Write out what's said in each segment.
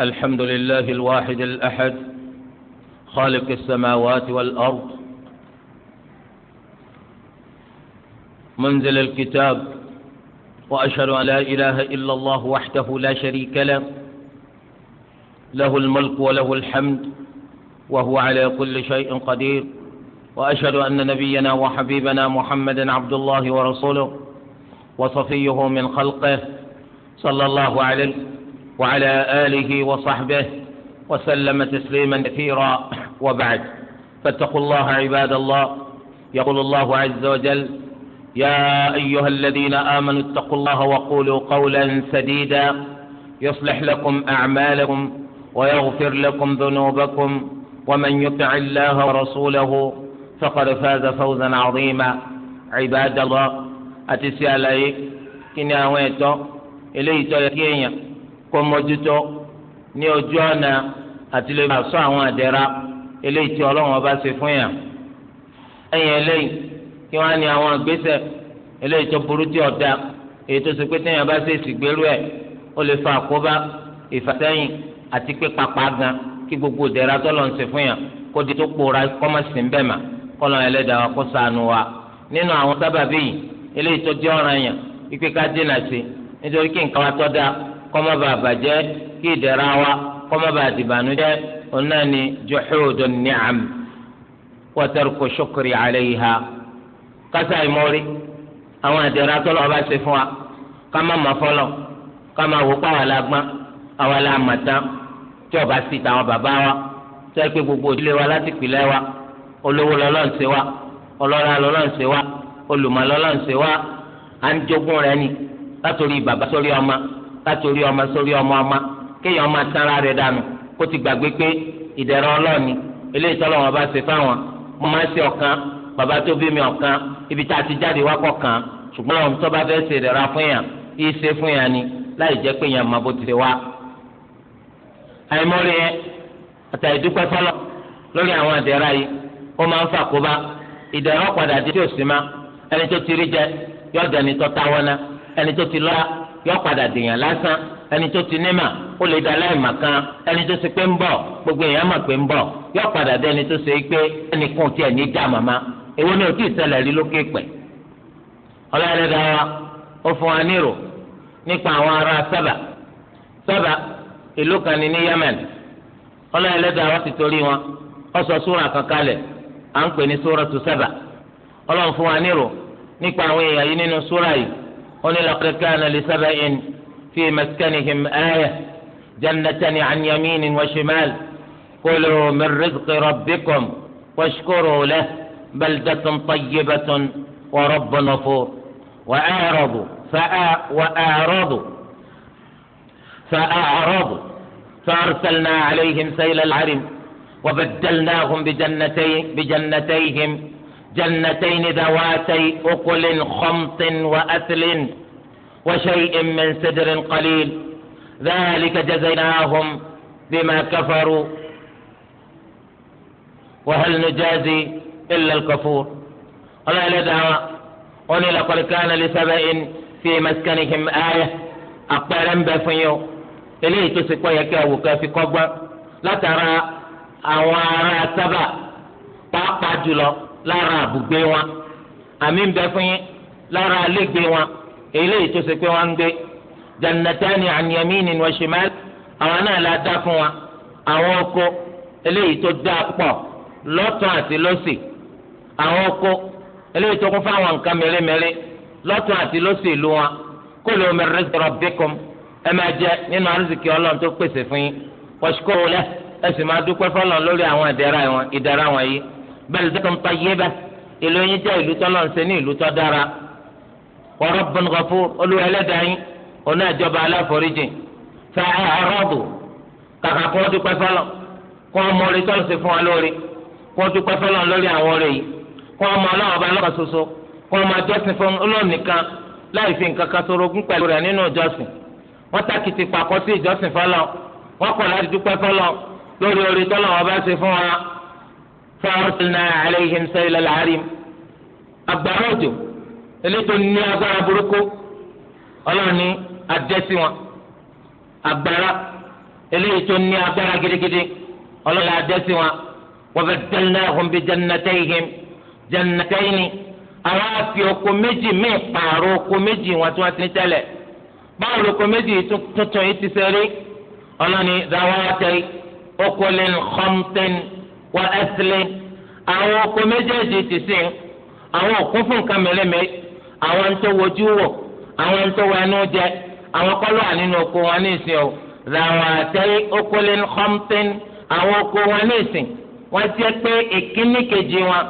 الحمد لله الواحد الأحد خالق السماوات والأرض منزل الكتاب وأشهد أن لا إله إلا الله وحده لا شريك له له الملك وله الحمد وهو على كل شيء قدير وأشهد أن نبينا وحبيبنا محمدا عبد الله ورسوله وصفيه من خلقه صلى الله عليه وعلى آله وصحبه وسلم تسليما كثيرا وبعد فاتقوا الله عباد الله يقول الله عز وجل يا أيها الذين آمنوا اتقوا الله وقولوا قولا سديدا يصلح لكم أعمالكم ويغفر لكم ذنوبكم ومن يطع الله ورسوله فقد فاز فوزا عظيما عباد الله أتسأل أيك كنا ويتو إليتو تو kó mójútó ní ojú ọ̀nà àti lè máa sọ àwọn àdẹ́ra eléyìí tí ọlọ́run ọba ṣe fún yàn ẹ̀yìn eléyìí kí wọ́n á ní àwọn àgbésẹ̀ eléyìí tó burú tí ọ̀dà èyí tó ṣe pé téèyàn bá ṣe ìsìgbérú ẹ̀ ó lè fa àkóbá ìfàsẹ́yìn àti pípapá gan kí gbogbo ìdẹ̀ra tọ́lọ̀ ń ṣe fún yàn kó di tó kpóra kọ́mọ̀sì ń bẹ̀ mà kọ́lọ̀ ẹlẹ́dàá kó ṣàánú wa nínú àwọn sábàbí yìí eléyìí tó jẹ́ ọ̀ràn yàn ikú kọ́mọ́ bá bàjẹ́ kí ìdẹ̀ra wa kọ́mọ́ bá dìbànújẹ́ ọ̀nà ni juhudu ni'am wa tarku shukri alayha kásá ìmọ̀rí àwọn ìdẹ̀ra tọ́lọ̀ ọba fún wa ká ma fọlọ̀ ká má wò pa wàhálà gbọ́n àmàtà tí sì bàbá wa tó gbogbo ìdílé wa láti wa olówó wa ọlọ́lá wa olùmọ̀ wa à ń jogún rẹ látòrí ọmọ sórí ọmọ ọmọ kéèyàn máa tán ara rẹ̀ dànù kó ti gbàgbé pé ìdẹ̀rọ̀ ọlọ́ọ̀ni eléyìí tọ́lọ́ wọn bá ṣe fáwọn mo máa ṣe ọ̀kan bàbá tó bí mi ọ̀kan ibi a ti jáde wá kan ṣùgbọ́n àwọn tó bá ṣe ni láì jẹ́ pé yàn máa bó ti yọ padà dèèyàn lásán ẹni tó ti ní mà ó lè da aláìmọ̀ kan ẹni tó ṣe pé ń gbogbo èèyàn mọ̀ pé ń bọ̀ padà dé ẹni tó ṣe pé ẹnìkan tiẹ̀ ní já màmá èwo ni o tí ì rí lókè pẹ̀ ó fún wa Yemen ti torí wọn ó sọ súra à ń pè ní Sábà fún wa nírò لقد كان لسبأ في مسكنهم آية جنتان عن يمين وشمال كلوا من رزق ربكم واشكروا له بلدة طيبة ورب نفور وأعرضوا وأعرضوا فأعرضوا فأرسلنا عليهم سيل العرم وبدلناهم بجنتي بجنتيهم جنتين ذواتي أكل خمط وأثل وشيء من سدر قليل ذلك جزيناهم بما كفروا وهل نجازي إلا الكفور ولا لدعوة وني لقد كان لسبأ في مسكنهم آية أقبل بفيو إليه تسقى يكاو كافي قبر لا ترى أوارى سبأ pàápàá lára àbùgbé wọn àmì ń bẹ fún yín lára àlégbé wọn eléyìí tó ṣe pé wọn ń gbé jannatani an yaminin wa shimal àwọn náà la dá fún wa àwọn oko eléyìí tó dá pọ̀ lọ́tún àti lọ́sì àwọn oko eléyìí tó kún fáwọn nǹkan mèremère lọ́tún àti lọ́sì ìlú wọn kulu min rizqi rabbikum ẹ máa jẹ nínú àrísìkí ọlọ́run tó pèsè fún yín washkuru lahu ẹ sì máa dúpẹ́ fọlọ́n lórí àwọn ìdẹ̀ra wọn yìí. بلدة طيبة ìlú yín jẹ́ ìlú tọ́lọ̀ ń ṣe ní ìlú tọ́ dára wa rabbun ghafur olúwa ẹlẹ́dàáyín ọ̀nà ìjọba aláforíjìn fẹ́ ẹ̀rọ́dù kàkà kó dúpẹ́ fọlọ́ kó ọmọ orí tọ́lọ̀ sí fún wa lórí kó dúpẹ́ fọlọ́ lórí àwọn orí yìí kó ọmọ ọlọ́wọ́ba lọ́kàn soso kó ọmọ ajọ́sìn fún olóòníkan láì fi nǹkan kan sorogún pẹ̀lú rẹ̀ nínú ìjọsìn wọ́n tàkìtì pàkọ́ sí ìjọsìn fọlọ́ wọ́n kọ̀ láti dúpẹ́ fọlọ́ lórí orí tọ́lọ̀ wọn bá ṣe fún wa fọ́ọ̀rọ̀tìlínà àlẹ́yìn sẹ́yìnlá làárín agbára òjò elétò ní agbára burúkú ọlọ́ọ̀ni adẹ́sí wọn agbára eléyìí tó ní agbára gidigidi ọlọ́ọ̀ni adẹ́sí wọn wọ́n fẹ́ dẹ́lẹ́nà ọ̀húnbí jẹ́nẹ́tẹ́yìn jẹ́nẹ́tẹ́yìn àwọn afi oko méjì mí pààrọ̀ oko méjì wọn tí wọ́n ti ní tẹ́lẹ̀ báwo lóko méjì tuntun yìí ti sẹ́rí ọlọ́ọ̀ni dáwọ́ tẹ́ okòólẹ́nu xọ́mtẹ́ni wa ẹsìlẹ àwọn oko méjèèjì ti sìn àwọn òkú fún nǹkan mẹlẹmẹ àwọn tó wojú wò àwọn tó wọ ẹnu jẹ àwọn kọlọ wà nínú oko wọn ní ìsìn o làwọn àtẹrí okòlè xọmtẹn àwọn oko wọn ní ìsìn wọn jẹ pé ìkíní kejì wọn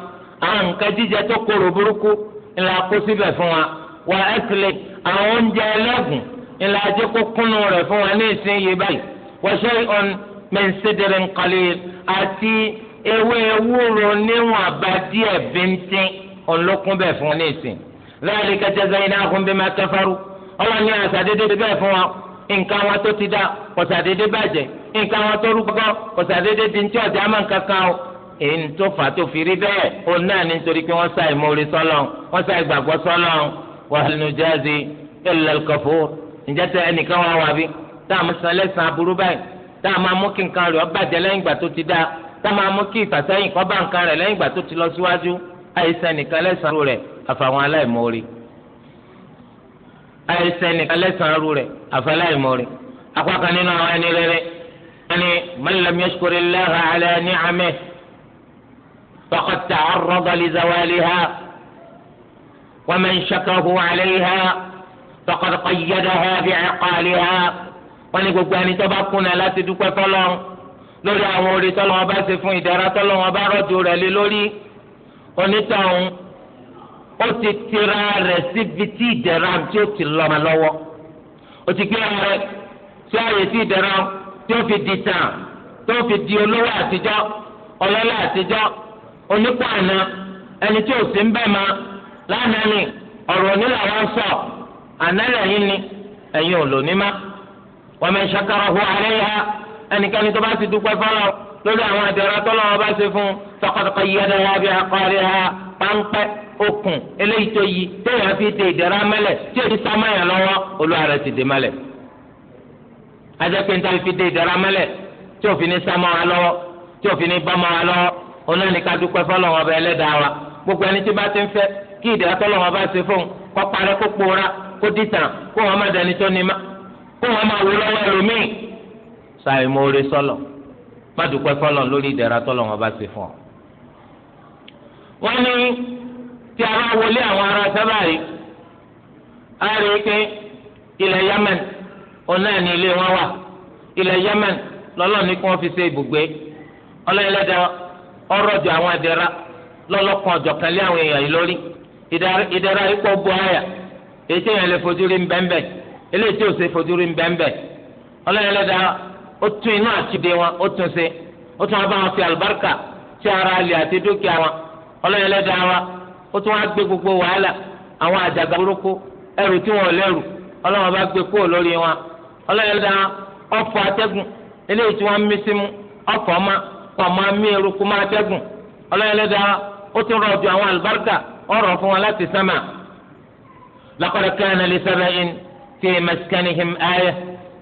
àwọn nǹkan jíjẹ tó korò burúkú ńlá kó síbẹ̀ fún wa wà ẹsìlẹ àwọn oúnjẹ ẹlẹ́gùn ńlá jẹ́ kó kúnnú rẹ̀ fún wa ní ìsìn yìí báyìí wọ́n ṣe ọ̀n mẹ́sídẹ̀rẹ̀ ńkọ́lé àti ewé ewúro níwọ̀n àbá díẹ̀ bíntín ọlọ́kùn bẹ̀ fún ní ìsìn láàrin kẹjẹ zẹyìn náà fún bímọ akẹfẹrú ọlọ́run ní àṣàdédé bẹ́ẹ̀ fún wa nǹkan wọn tó ti dá kọ̀ṣàdédé bàjẹ́ nǹkan wọn tó rúgbọ́ kọ̀ṣàdédé di ní tí ọ̀jà máa ń kankan o èyí tó fà tó fi rí bẹ́ẹ̀ òun náà ní nítorí pé wọ́n ṣàì mórí sọ́lọ́ wọ́n ṣàì gbàgbọ́ sọ́lọ́ wàhálùjáde ẹlẹ́lẹ́kọ̀fó ǹjẹ́ tẹ ẹnìkan wá wà bí táà mú sanlẹ̀ aburú báyìí táà máa mú kí nǹkan rẹ̀ ọ bàjẹ́ ìgbà tó ti dá tá máa mú kí ìfàsẹ́yìn kọ́ bá nǹkan rẹ̀ lẹ́yìn ìgbà tó ti lọ síwájú àìsàn nìkan lẹ́sàn-án rẹ̀ àfàwọn aláìmoore àìsàn nìkan lẹ́sàn-án rẹ̀ àfàwọn aláìmoore apá kan nínú àwọn ẹni rere ẹni man lam yashkurillaha ala ni'amihi faqad ta'arrada li zawaliha wọ́n ní gbogbo ẹni tó bá kùnà láti lórí àwọn orí tọ́lọ́ wọn bá ṣe fún ìdára tọ́lọ́ wọn bá rọ́jò rẹ̀ lé lórí onítọ̀hún ó ti tira rẹ̀ síbi tí ìdẹ̀ra tí ó ti lọ́mọ lọ́wọ́ ó ti gbé rẹ̀ sí ààyè tí ìdẹ̀ra tí ó fi di tàn tó fi di olówó àtijọ́ ọlọ́lá àtijọ́ onípò àná ẹni tí ò sí ń bẹ̀ ma lánàá ni ọ̀rọ̀ nílò àwọn sọ àná lẹ́yìn ni ẹ̀yin ò lò ní má wọ́n mẹ́ ṣakara hu àlẹ́ ẹnikẹ́ni tó bá ti dúpẹ́ fọlọ́ lórí àwọn àdẹ̀rẹ́ tọ́lọ́ wọn bá ṣe fún sọkọtọkọ yìí ẹ̀dẹ̀rẹ́ àbí akọ́rẹ́ ha páńpẹ́ okùn eléyìí tó yí téèyàn fi de ìdẹ̀rẹ́ mẹ́lẹ̀ tí èyí sá mẹ́yàn lọ́wọ́ olúwa rẹ̀ ti dè mẹ́lẹ̀. ajẹ́pẹ́ntà fi de ìdẹ̀rẹ́ mẹ́lẹ̀ tí òfin ní sá mọ́ wa lọ́wọ́ tí òfin ní bá mọ́ wa lọ́wọ́ onáni ká dúpẹ́ fọlọ́ wọn bá wa gbogbo ẹni tí bá ti ń fẹ́ kí ìdẹ̀rẹ́ tọ́lọ́ bá ṣe fún kọ́ kó pòórá kó dìtàn kó wọn má dẹni tó ní má kó wọn má wúlọ́wọ́ ẹlòmíì sáré mórí sọlọ má sọlọ lori lórí ìdẹ̀ra tọlọ wọn bá ṣe fún ọ. tí a bá wọlé àwọn ará sábà a rí i pé ilẹ̀ yemen òun náà ní ilé wọn wà ilẹ̀ yemen lọ́lọ́ ní kí wọ́n fi ṣe ibùgbé ọlọ́yẹlẹ́dẹ́ ọrọ̀jọ̀ àwọn ìdẹ̀ra lọ́lọ́kan ọ̀jọ̀kẹ́lẹ́ àwọn èèyàn yìí lórí bu àyà èyí tí èèyàn lè fojú rí ń eléyìí tí ò ó tún iná àtúndé wọn ó tún ṣe ó tún wọn bá wọn fi àlùbáríkà tí ara alẹ́ àti dúkìá wọn ọlọ́yẹlẹ́dá wa ó tún wọn gbé gbogbo wàhálà àwọn àjàgà burúkú ẹrù tí wọn ò lẹ́rù ọlọ́wọ́n bá gbé kúrò lórí wọn ọlọ́yẹlẹ́dá ọ̀fọ̀ atẹ́gùn eléyìí tí wọ́n mí sí mú ọ̀fọ̀ ọmọ ọmọ mí eruku má atẹ́gùn ọlọ́yẹlẹ́dá ó tún rọ̀ ju àwọn àlùbáríkà ọ̀rọ̀ fún wọn láti sánmà laqad kana li saba'in fi maskanihim ayah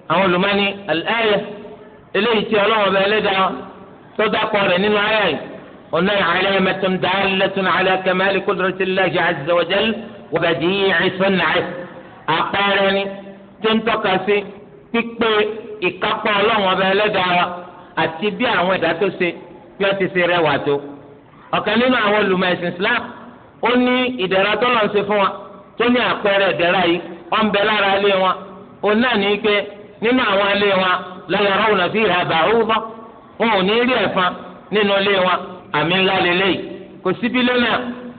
àwọn olùmọ́ni al eléyìí tí ọlọ́run ọba ẹlẹ́dàá tó dákọ̀ rẹ̀ nínú ayé yìí ọ̀nà alamatun dallatun ala kamali qudratillahi azza wa jal wa badi'i sun'ah àpẹẹrẹ ni tó ń tọ́ka sí pípé ìkápá ọlọ́run ọba ẹlẹ́dàá àti bí àwọn ẹ̀dá tó ṣe bí wọ́n ti ṣe rẹwà tó ọ̀kan nínú àwọn olùmọ̀ ẹ̀sìn Islam ó ní ìdẹ̀ra tó lọ́n ṣe fún wa tó ní àpẹẹrẹ ìdẹ̀ra yìí ó ń bẹ lára ilé wọn òun náà ní pé nínú àwọn ilé wọn la yarawna fiha ba'udha wọn ò ní rí ẹ̀fọn nínú ilé wọn àmì ńlá lélẹ́yìí kò síbi lónà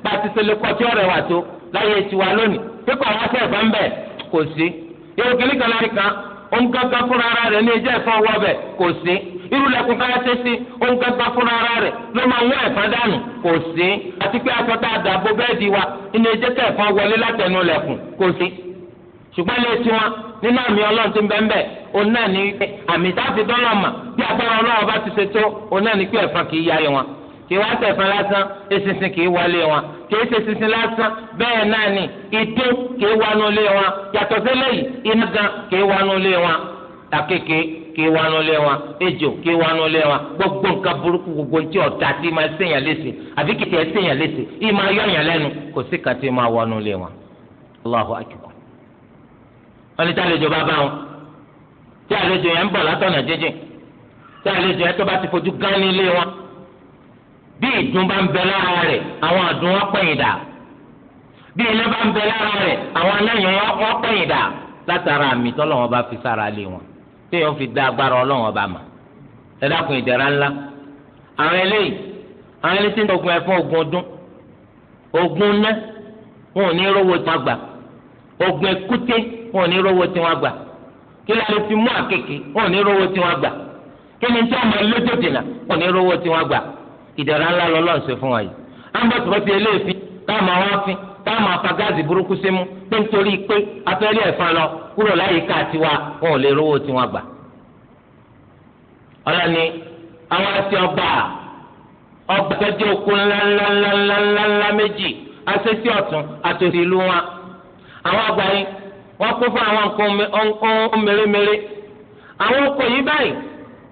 bá a ti ṣe lè kọ́ tí ọ̀rẹ́ wà tó láyé tiwa lónìí kíkọ́ wá sí ẹ̀fọn bẹ́ẹ̀ kò sí irú kìnnìkan lárí kan ongangan fúnra ara rẹ̀ ní ẹjẹ́ ẹ̀fọn wọ bẹ́ẹ̀ kò sí irulẹ̀kùn káyọ̀ tẹ́sí ongangan fúnra ara rẹ̀ ló máa ń ẹ̀fọn dànù kò sí àti pé aṣọ tá a dàbò bẹ́ẹ̀ di wa ní ẹjẹ́ tẹ̀ ẹ̀fọn wọlé látẹnu lẹ̀kùn kò sí. ṣùgbọ́n ilé tiwọn nínú àmì ọlọ́run ti ń bẹ́ẹ̀ bẹ́ẹ̀ òun náà ní pé àmì táfi dọ́là mà bí agbára ọlọ́run bá ti ṣe tó òun náà ní pé ẹ̀fọn kì í yáyé wọn kì í wá tẹ̀fọn lásán eṣinṣin kì í wọlé wọn kì í ṣe ṣinṣin lásán bẹ́ẹ̀ náà ìdó kì í gbogbo nǹkan burúkú gbogbo tí ọ̀tá tí máa léṣe ẹ̀ léṣe wọn ní tí àlejò bá bá wọn tí àlejò yẹn ń bọ̀ látọ̀nà jíjìn tí àlejò yẹn tó bá ti fojú gán ní ilé wọn bí ìdun bá ń bẹ lára rẹ̀ àwọn àdùn wọn pẹ̀yìn dà bí iná bá ń bẹ lára rẹ̀ àwọn aláyàn wọn pẹ̀yìn dà látara àmì tọ́lọ́wọ́n bá fi sára lé wọn téèyàn fi dá agbára ọlọ́wọ́n bá mà ẹ dákun ìdẹ̀ra ńlá àwọn eléyìí àwọn ẹni tí ń dọ̀gun ẹ̀fọ́ ogun ọdún ogun ná wọn ò ní rówó tó àgbà ogun ẹkúté wọn ò ní rówó tí wọ́n gbà kí ló lè fi mú àkèké wọn ò ní rówó tí wọ́n gbà kí ni tí wọ́n máa lójó dènà wọn ò ní rówó tí wọ́n gbà ìdára ńlá lọ́lọ́run fún wa yìí ambọ̀tìbọ̀tì eléèfín àwọn afín burúkú sí mú pé nítorí pé lọ kúrò wọ́n kó fún àwọn nǹkan mèremère àwọn ọkọ̀ yìí báyìí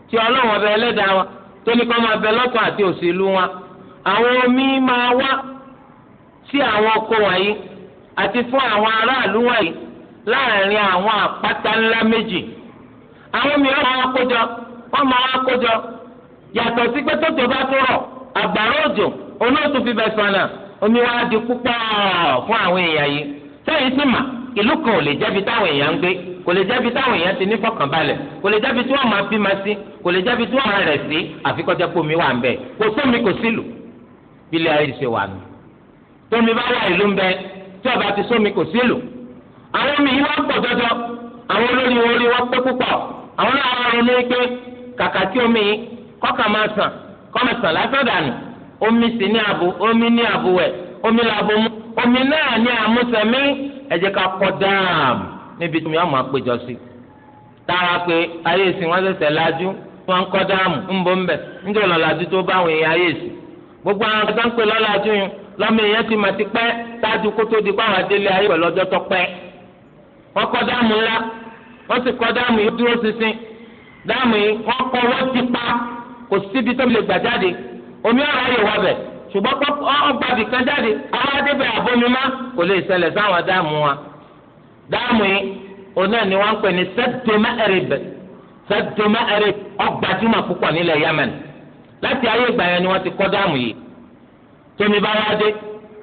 tí ọlọ́run ọbẹ̀ ẹlẹ́dàá wa tó ní kọ́ máa bẹ lọ́tọ̀ àti òsèlú wa àwọn omi máa wá sí àwọn ọkọ̀ wọ̀nyí àti fún àwọn aráàlú wọ̀nyí láàrin àwọn àpáta ńlá méjì àwọn mìíràn máa kójọ wọ́n máa wá yàtọ̀ sí pé bá tó rọ̀ àgbàrá òjò olóòtú wa di púpọ̀ fún àwọn èèyàn yìí ìlú kan ò lè jẹ́bi táwọn èèyàn ń gbé kò lè jẹ́bi táwọn èèyàn ti ní fọkànbalẹ̀ kò lè jẹ́bi tí wọ́n máa bímọ sí kò lè jẹ́bi tí wọ́n máa rẹ̀ sí àfikọ́jẹ́ pé omi wà ń bẹ kò sómi kò sílù bílẹ̀ ayé ṣe wà nù tómi bá wà ìlú ń bẹ tí ọba ti sómi kò sílù àwọn omi yìí wọ́n pọ̀ jọjọ àwọn olórí wọn orí wọn pé púpọ̀ àwọn náà wọ́n pé kàkà kí omi yìí kọ́kà kọ́ omi sì ní omi ní àbò wẹ̀ ẹ jẹ́ ká kọ́ dáàm níbi tí mi àwọn àpéjọ sí tára pé ayé ìsìn wọn ṣẹ̀ṣẹ̀ lajú wọn kọ́ dáàmù ń bọ́ ńbẹ̀ níjẹ́ ọ̀nà lajú tó bá àwọn ayé gbogbo àwọn ọ̀gá ń pè lọ́lajú lọ́mọ èèyàn ti mà ti pẹ́ kó tó di pa àwọn adélé ayé pẹ̀lú ọjọ́ tó pẹ́ wọ́n dáàmù ńlá wọ́n sì dáàmù yìí dúró dáàmù yìí wọ́n wọ́n ti pa kò síbi tó ṣùgbọ́n ọgbà bìkan jáde àwọn adébẹ̀ àbómímá kò lè ṣẹlẹ̀ sáwọn dáàmú wa dáàmú yìí òun náà ni wọ́n ń pè ní sẹ́dọ̀mẹ́ ẹ̀rẹ̀bẹ̀ sẹ́dọ̀mẹ́ ẹ̀rẹ̀ ọgbà tí púpọ̀ nílẹ̀ Yemen láti ayé ìgbà yẹn ni wọ́n ti kọ́ dáàmú yìí tómi bá wá dé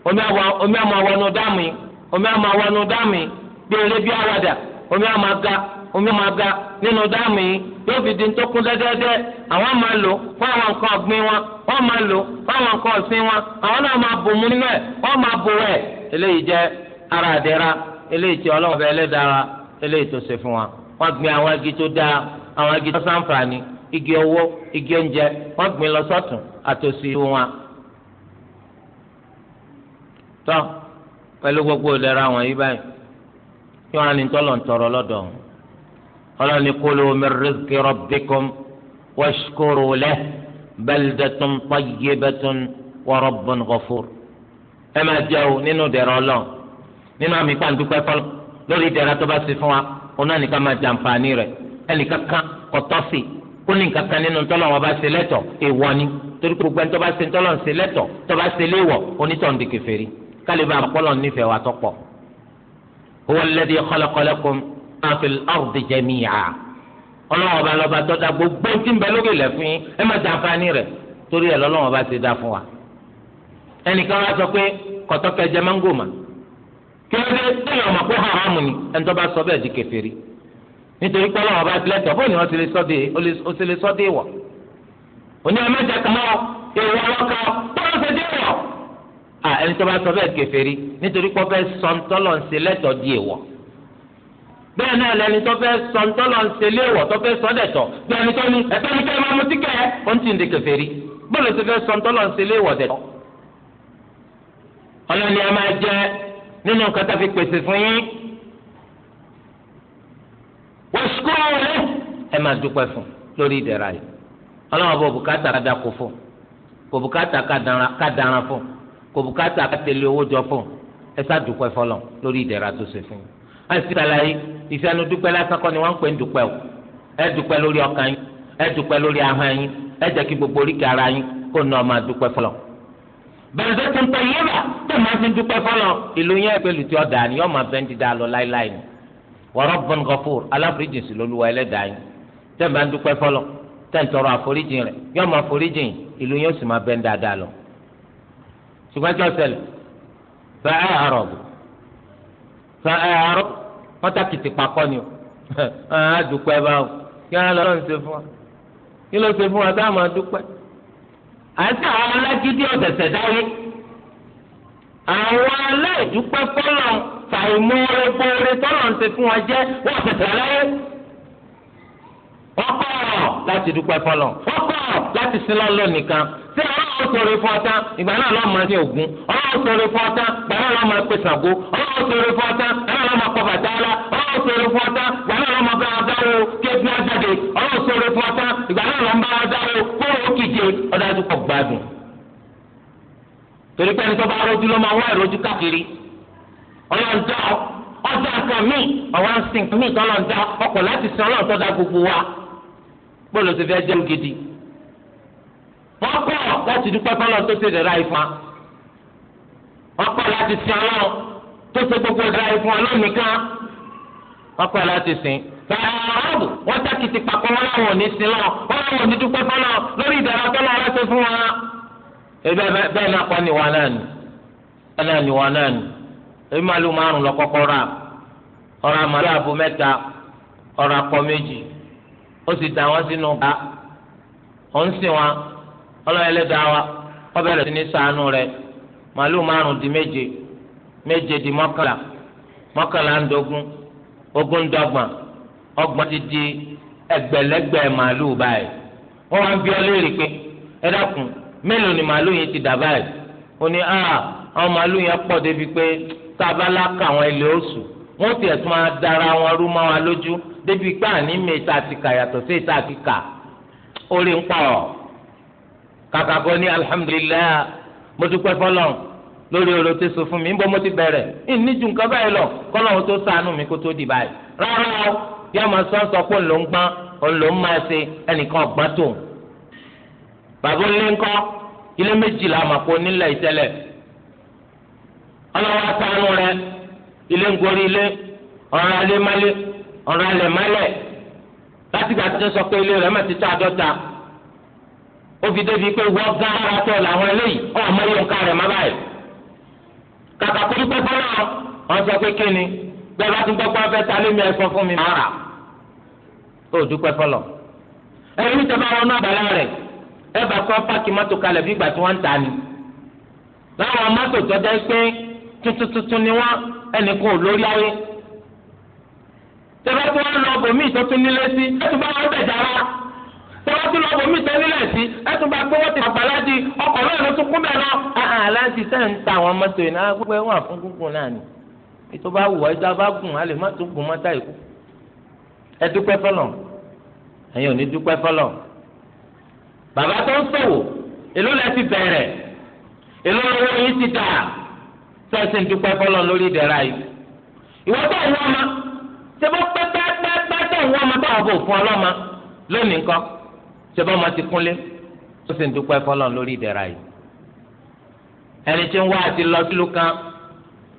omi àmọ́ wọnú dáàmú yìí omi àmọ́ dáàmú yìí omi máa ga nínú dáàmù yìí yóò fi di tó kún dẹ́dẹ́dẹ́ àwọn máa lò fún àwọn nǹkan ọ̀gbìn wọn wọ́n máa lò fún àwọn nǹkan ọ̀sìn wọn àwọn náà máa bò mú nínú ẹ̀ wọ́n máa bò eléyìí jẹ́ ara àdẹ́ra eléyìí tí ọlọ́run fẹ́ eléyìí tó ṣe fún wa wọ́n gbin àwọn igi tó dáa àwọn igi tó igi ọwọ́, igi ọlọ́ni kulu min rizqi rabbikum washkuru lahu baldatun tayyibatun wa rabbun ghafur. ẹ máa jẹ́ o nínú dẹ̀rọ ọlọ́run nínú àmì pàǹdùpẹ́ fọlọ́ lórí dẹ̀rọ tó bá ṣe fún wa ọ̀nà nìkan máa jàǹfààní rẹ̀ ẹnìkan kan ọ̀tọ́ sí i kó ní nǹkan kan nínú tọ́lọ̀ wọn bá ṣe lẹ́tọ̀ èèwọ̀ ni torí gbogbo ẹni tó bá ṣe tọ́lọ̀ ń máa fi ọ̀rùn ti jẹ mí yá ọlọ́run ọba lọ́ba tó dá gbogbo tí ń bẹ lókè ilẹ̀ fún yín ẹ má jàǹfààní rẹ̀ torí ẹ̀ lọ́lọ́run ọba ti dá fún wa ẹnìkan wá sọ pé kọ̀tọ́kẹ́ jẹ máńgò mà kí ló dé ẹ̀yìn ọmọ pé haram ni ẹni tó bá sọ bẹ́ẹ̀ di kèfèrí nítorí pé ọlọ́run ọba tilẹ̀ tọ̀ fóònù ọ̀sẹ̀ lè sọ́ dé wọ̀ òní ẹ̀ má jẹ kàmọ́ ìwọ ọlọ́kọ tó ń ṣe dé wọ̀ ẹni tó bá bẹ́ẹ̀ náà lẹni tó fẹ́ sọ ńtọ́lọ ńṣẹlẹ̀ wọ̀ tó fẹ́ sọ dẹ̀tọ̀ bẹ́ẹ̀ ni tó ní ẹ̀fẹ́ ní kẹ́ ẹ máa mutí kẹ́ ẹ ó ń tì ń di kèfèrí bọ́ọ̀lù tó fẹ́ sọ ńtọ́lọ ńṣẹlẹ̀ wọ̀ dẹ̀tọ̀. ọlọ́ni ẹ máa jẹ nínú nǹkan tá fi pèsè fún yín wọ́n sukú ọ̀rẹ́ ẹ máa dúpẹ́ fún lórí ìdẹ̀ra yìí ọlọ́wọ́n bọ̀ bùkátà ká dáko fún kò bùkátà ká dára fún kò bùkátà ká tẹ̀lé owó jọ fún ẹ àti sàlàyé ìsẹ́nu dúpẹ́ lásán kọ́ ni wọ́n ń pè ń dúpẹ́ o ẹ dúpẹ́ lórí ọkàn yín ẹ dúpẹ́ lórí ahọ́n yín ẹ jẹ́ kí gbogbo oríkèé ara yín kó nà ọ́ máa dúpẹ́ fọlọ́. bẹ̀rẹ̀ tó ń pẹ́ yébà tó máa fi dúpẹ́ fọlọ́ ìlú yẹn pé lùtí ọ̀dà ni yọ́ máa bẹ́ẹ̀ dídá lọ láíláí ni wa rabbun ghafur aláforíjì sí lolúwa ẹlẹ́dàá yín tẹ́ máa dúpẹ́ fọlọ́ tẹ́ ń tọrọ fa ẹ̀rọ wọ́n ta kìtì pakọ́ ni o àá dúpẹ́ báwo kí wọ́n lọ́ọ́ ṣe fún wa kí ló ṣe fún wa tá a máa dúpẹ́. àti àwọn alágídí ọ̀sẹ̀sẹ̀ dáwé àwọn aláìdúpẹ́ fọlọ́ fàìmọ́ oore tọ́lọ̀ ń ṣe fún wa jẹ́ wọ́n ṣẹ̀ṣẹ̀ láyé. wọ́n kọ́ ọ̀ láti dúpẹ́ fọlọ́ wọ́n kọ́ ọ̀ láti sin lọ́lọ́ nìkan tí ọlọ́run sọ̀rọ̀ fún ọtá ìgbà náà lọ́ọ́ máa ṣe ògún ọlọ́run sọ̀rọ̀ fún ọtá ìgbà náà lọ́ọ́ máa pèsè sọ̀rọ̀ fún ọtá ọlọ́run ọmọ kọfà tààlà ọlọ́run sọ̀rọ̀ fún ọtá ìgbà náà lọ́mọ bá wọn dáwọ́ kéèpì ọ̀jáde ọlọ́run sọ̀rọ̀ fún ọtá ìgbà náà lọ́mọ bá wọn dáwọ́ kóró òkìje ọ̀dájú kọ̀ gbádùn. torí pé ẹni tó bá rọjú ló máa wá ìrọjú káàkiri ọlọ́run dá láti sin ọlọ́run gbogbo wa bóòlù ti láti tó tó ṣe gbogbo dáì fún ọlọ́nìkan ọkọ láti sìn lọ wọn fọlọ lórí ìdára tó lọ́wọ́ ṣe fún wọn. ebe bẹ́ẹ̀ náà kọ́ ni wọn náà ni wọn náà ni wọn náà ni ebi màálù márùn lọ kọ́kọ́ rà ọ̀rọ̀ àmàlà àbò mẹ́ta ọ̀rọ̀ méjì ó sì dà wọ́n sínú ó ń sìn wọn ọlọ́yẹlẹ́dàá wa ọbẹ̀ rẹ̀ sí ní sàánú rẹ̀ márùn di méje. méje di mọ́kànlá mọ́kànlá ń dogun ogún dọ́gbọ̀n ọgbọ̀n ti di ẹgbẹ̀lẹ́gbẹ̀ màálùú báyìí wọ́n wá ń bi ọ́ léèrè pé ẹ dákun mélòó ni màálùú yẹn ti dà báyìí ó ní a àwọn màálùú yẹn pọ̀ débi pé tábàlà kà àwọn ilé oṣù wọ́n ti ẹ̀tún máa dara wọn rú mọ́ wa lójú débi pé àní mi ta ti kà yàtọ̀ sí ìta ti orí ń pọ̀ kàkàkọ́ ní alihamudulilayi mo dúpẹ́ fọlọ́n lórí ọ̀rọ̀ tó sọ fún mi nbọ mo ti bẹ̀rẹ̀ ìníjú nǹkan báyìí lọ kọlọ́run tó ṣàánú mi kó tó di báyìí rárá o yóò máa sọ sọ pé òǹlò ń gbọ́n òǹlò ń máa ṣe ẹnìkan ọ̀gbọ́n tó bàbá onílé ńkọ́ ilé méjìlá àmàpọ onílẹ̀ ìtẹ́lẹ̀ ọlọ́wọ́ rẹ ilé ń gorí ilé ọ̀rọ̀ alẹ́ mọ́lẹ̀ ọ̀rọ̀ alẹ́ mọ́lẹ̀ láti gbà tó ilé rẹ̀ ti dúpẹ́ fọlọ́ wọn sọ pé kí ni bẹ́ẹ̀ bá ti gbọ́ pé wọ́n fẹ́ ta lé mi ẹ̀sọ́ fún mi máa rà ó dúpẹ́ fọlọ́ ẹ̀rí mi tẹ́lẹ̀ wọn náà bàlá rẹ̀ ẹ bá kọ́ páàkì mọ́tò kalẹ̀ bí ìgbà tí wọ́n ń ta ni láwọn mọ́tò tọ́jà pé tuntun tuntun ni wọ́n ẹnìkan ò lórí ayé tẹ́lẹ̀ tí wọ́n lọ bòmíì tó tún nílé sí ẹ tún lọ bọ̀ mí tẹ́lẹ̀ lẹ̀ sí ẹ tún bá gbé wọ́n ti àgbàlá di ọkọ̀ náà ló tún kún bẹ́ẹ̀ lọ. àhàn ah, ah, láti sẹ́ ń ta àwọn mọ́tò yìí náà gbogbo ẹ̀wọ̀n fún gúngun náà ni ètò bá wù ọ́ ètò bá gùn á lè má tún gùn mọ́tà ìkú. ẹ dúpẹ́ fọlọ̀ ẹ̀yin ò ní dúpẹ́ fọlọ̀. bàbá tó ń sòwò èló lẹ ti bẹ̀rẹ̀ èló lọ́wọ́ yín ti dà sẹ́sì dúpẹ́ fọlọ̀ lórí ìdẹ̀ra yìí. ìwọ́n ma ṣe bó ṣẹbọ ọmọ ti kúnlé ó sì ń dúpẹ́ fọlọ́n lórí ìdẹ̀ra yìí ẹni tí ń wá àti lọ sílùú kan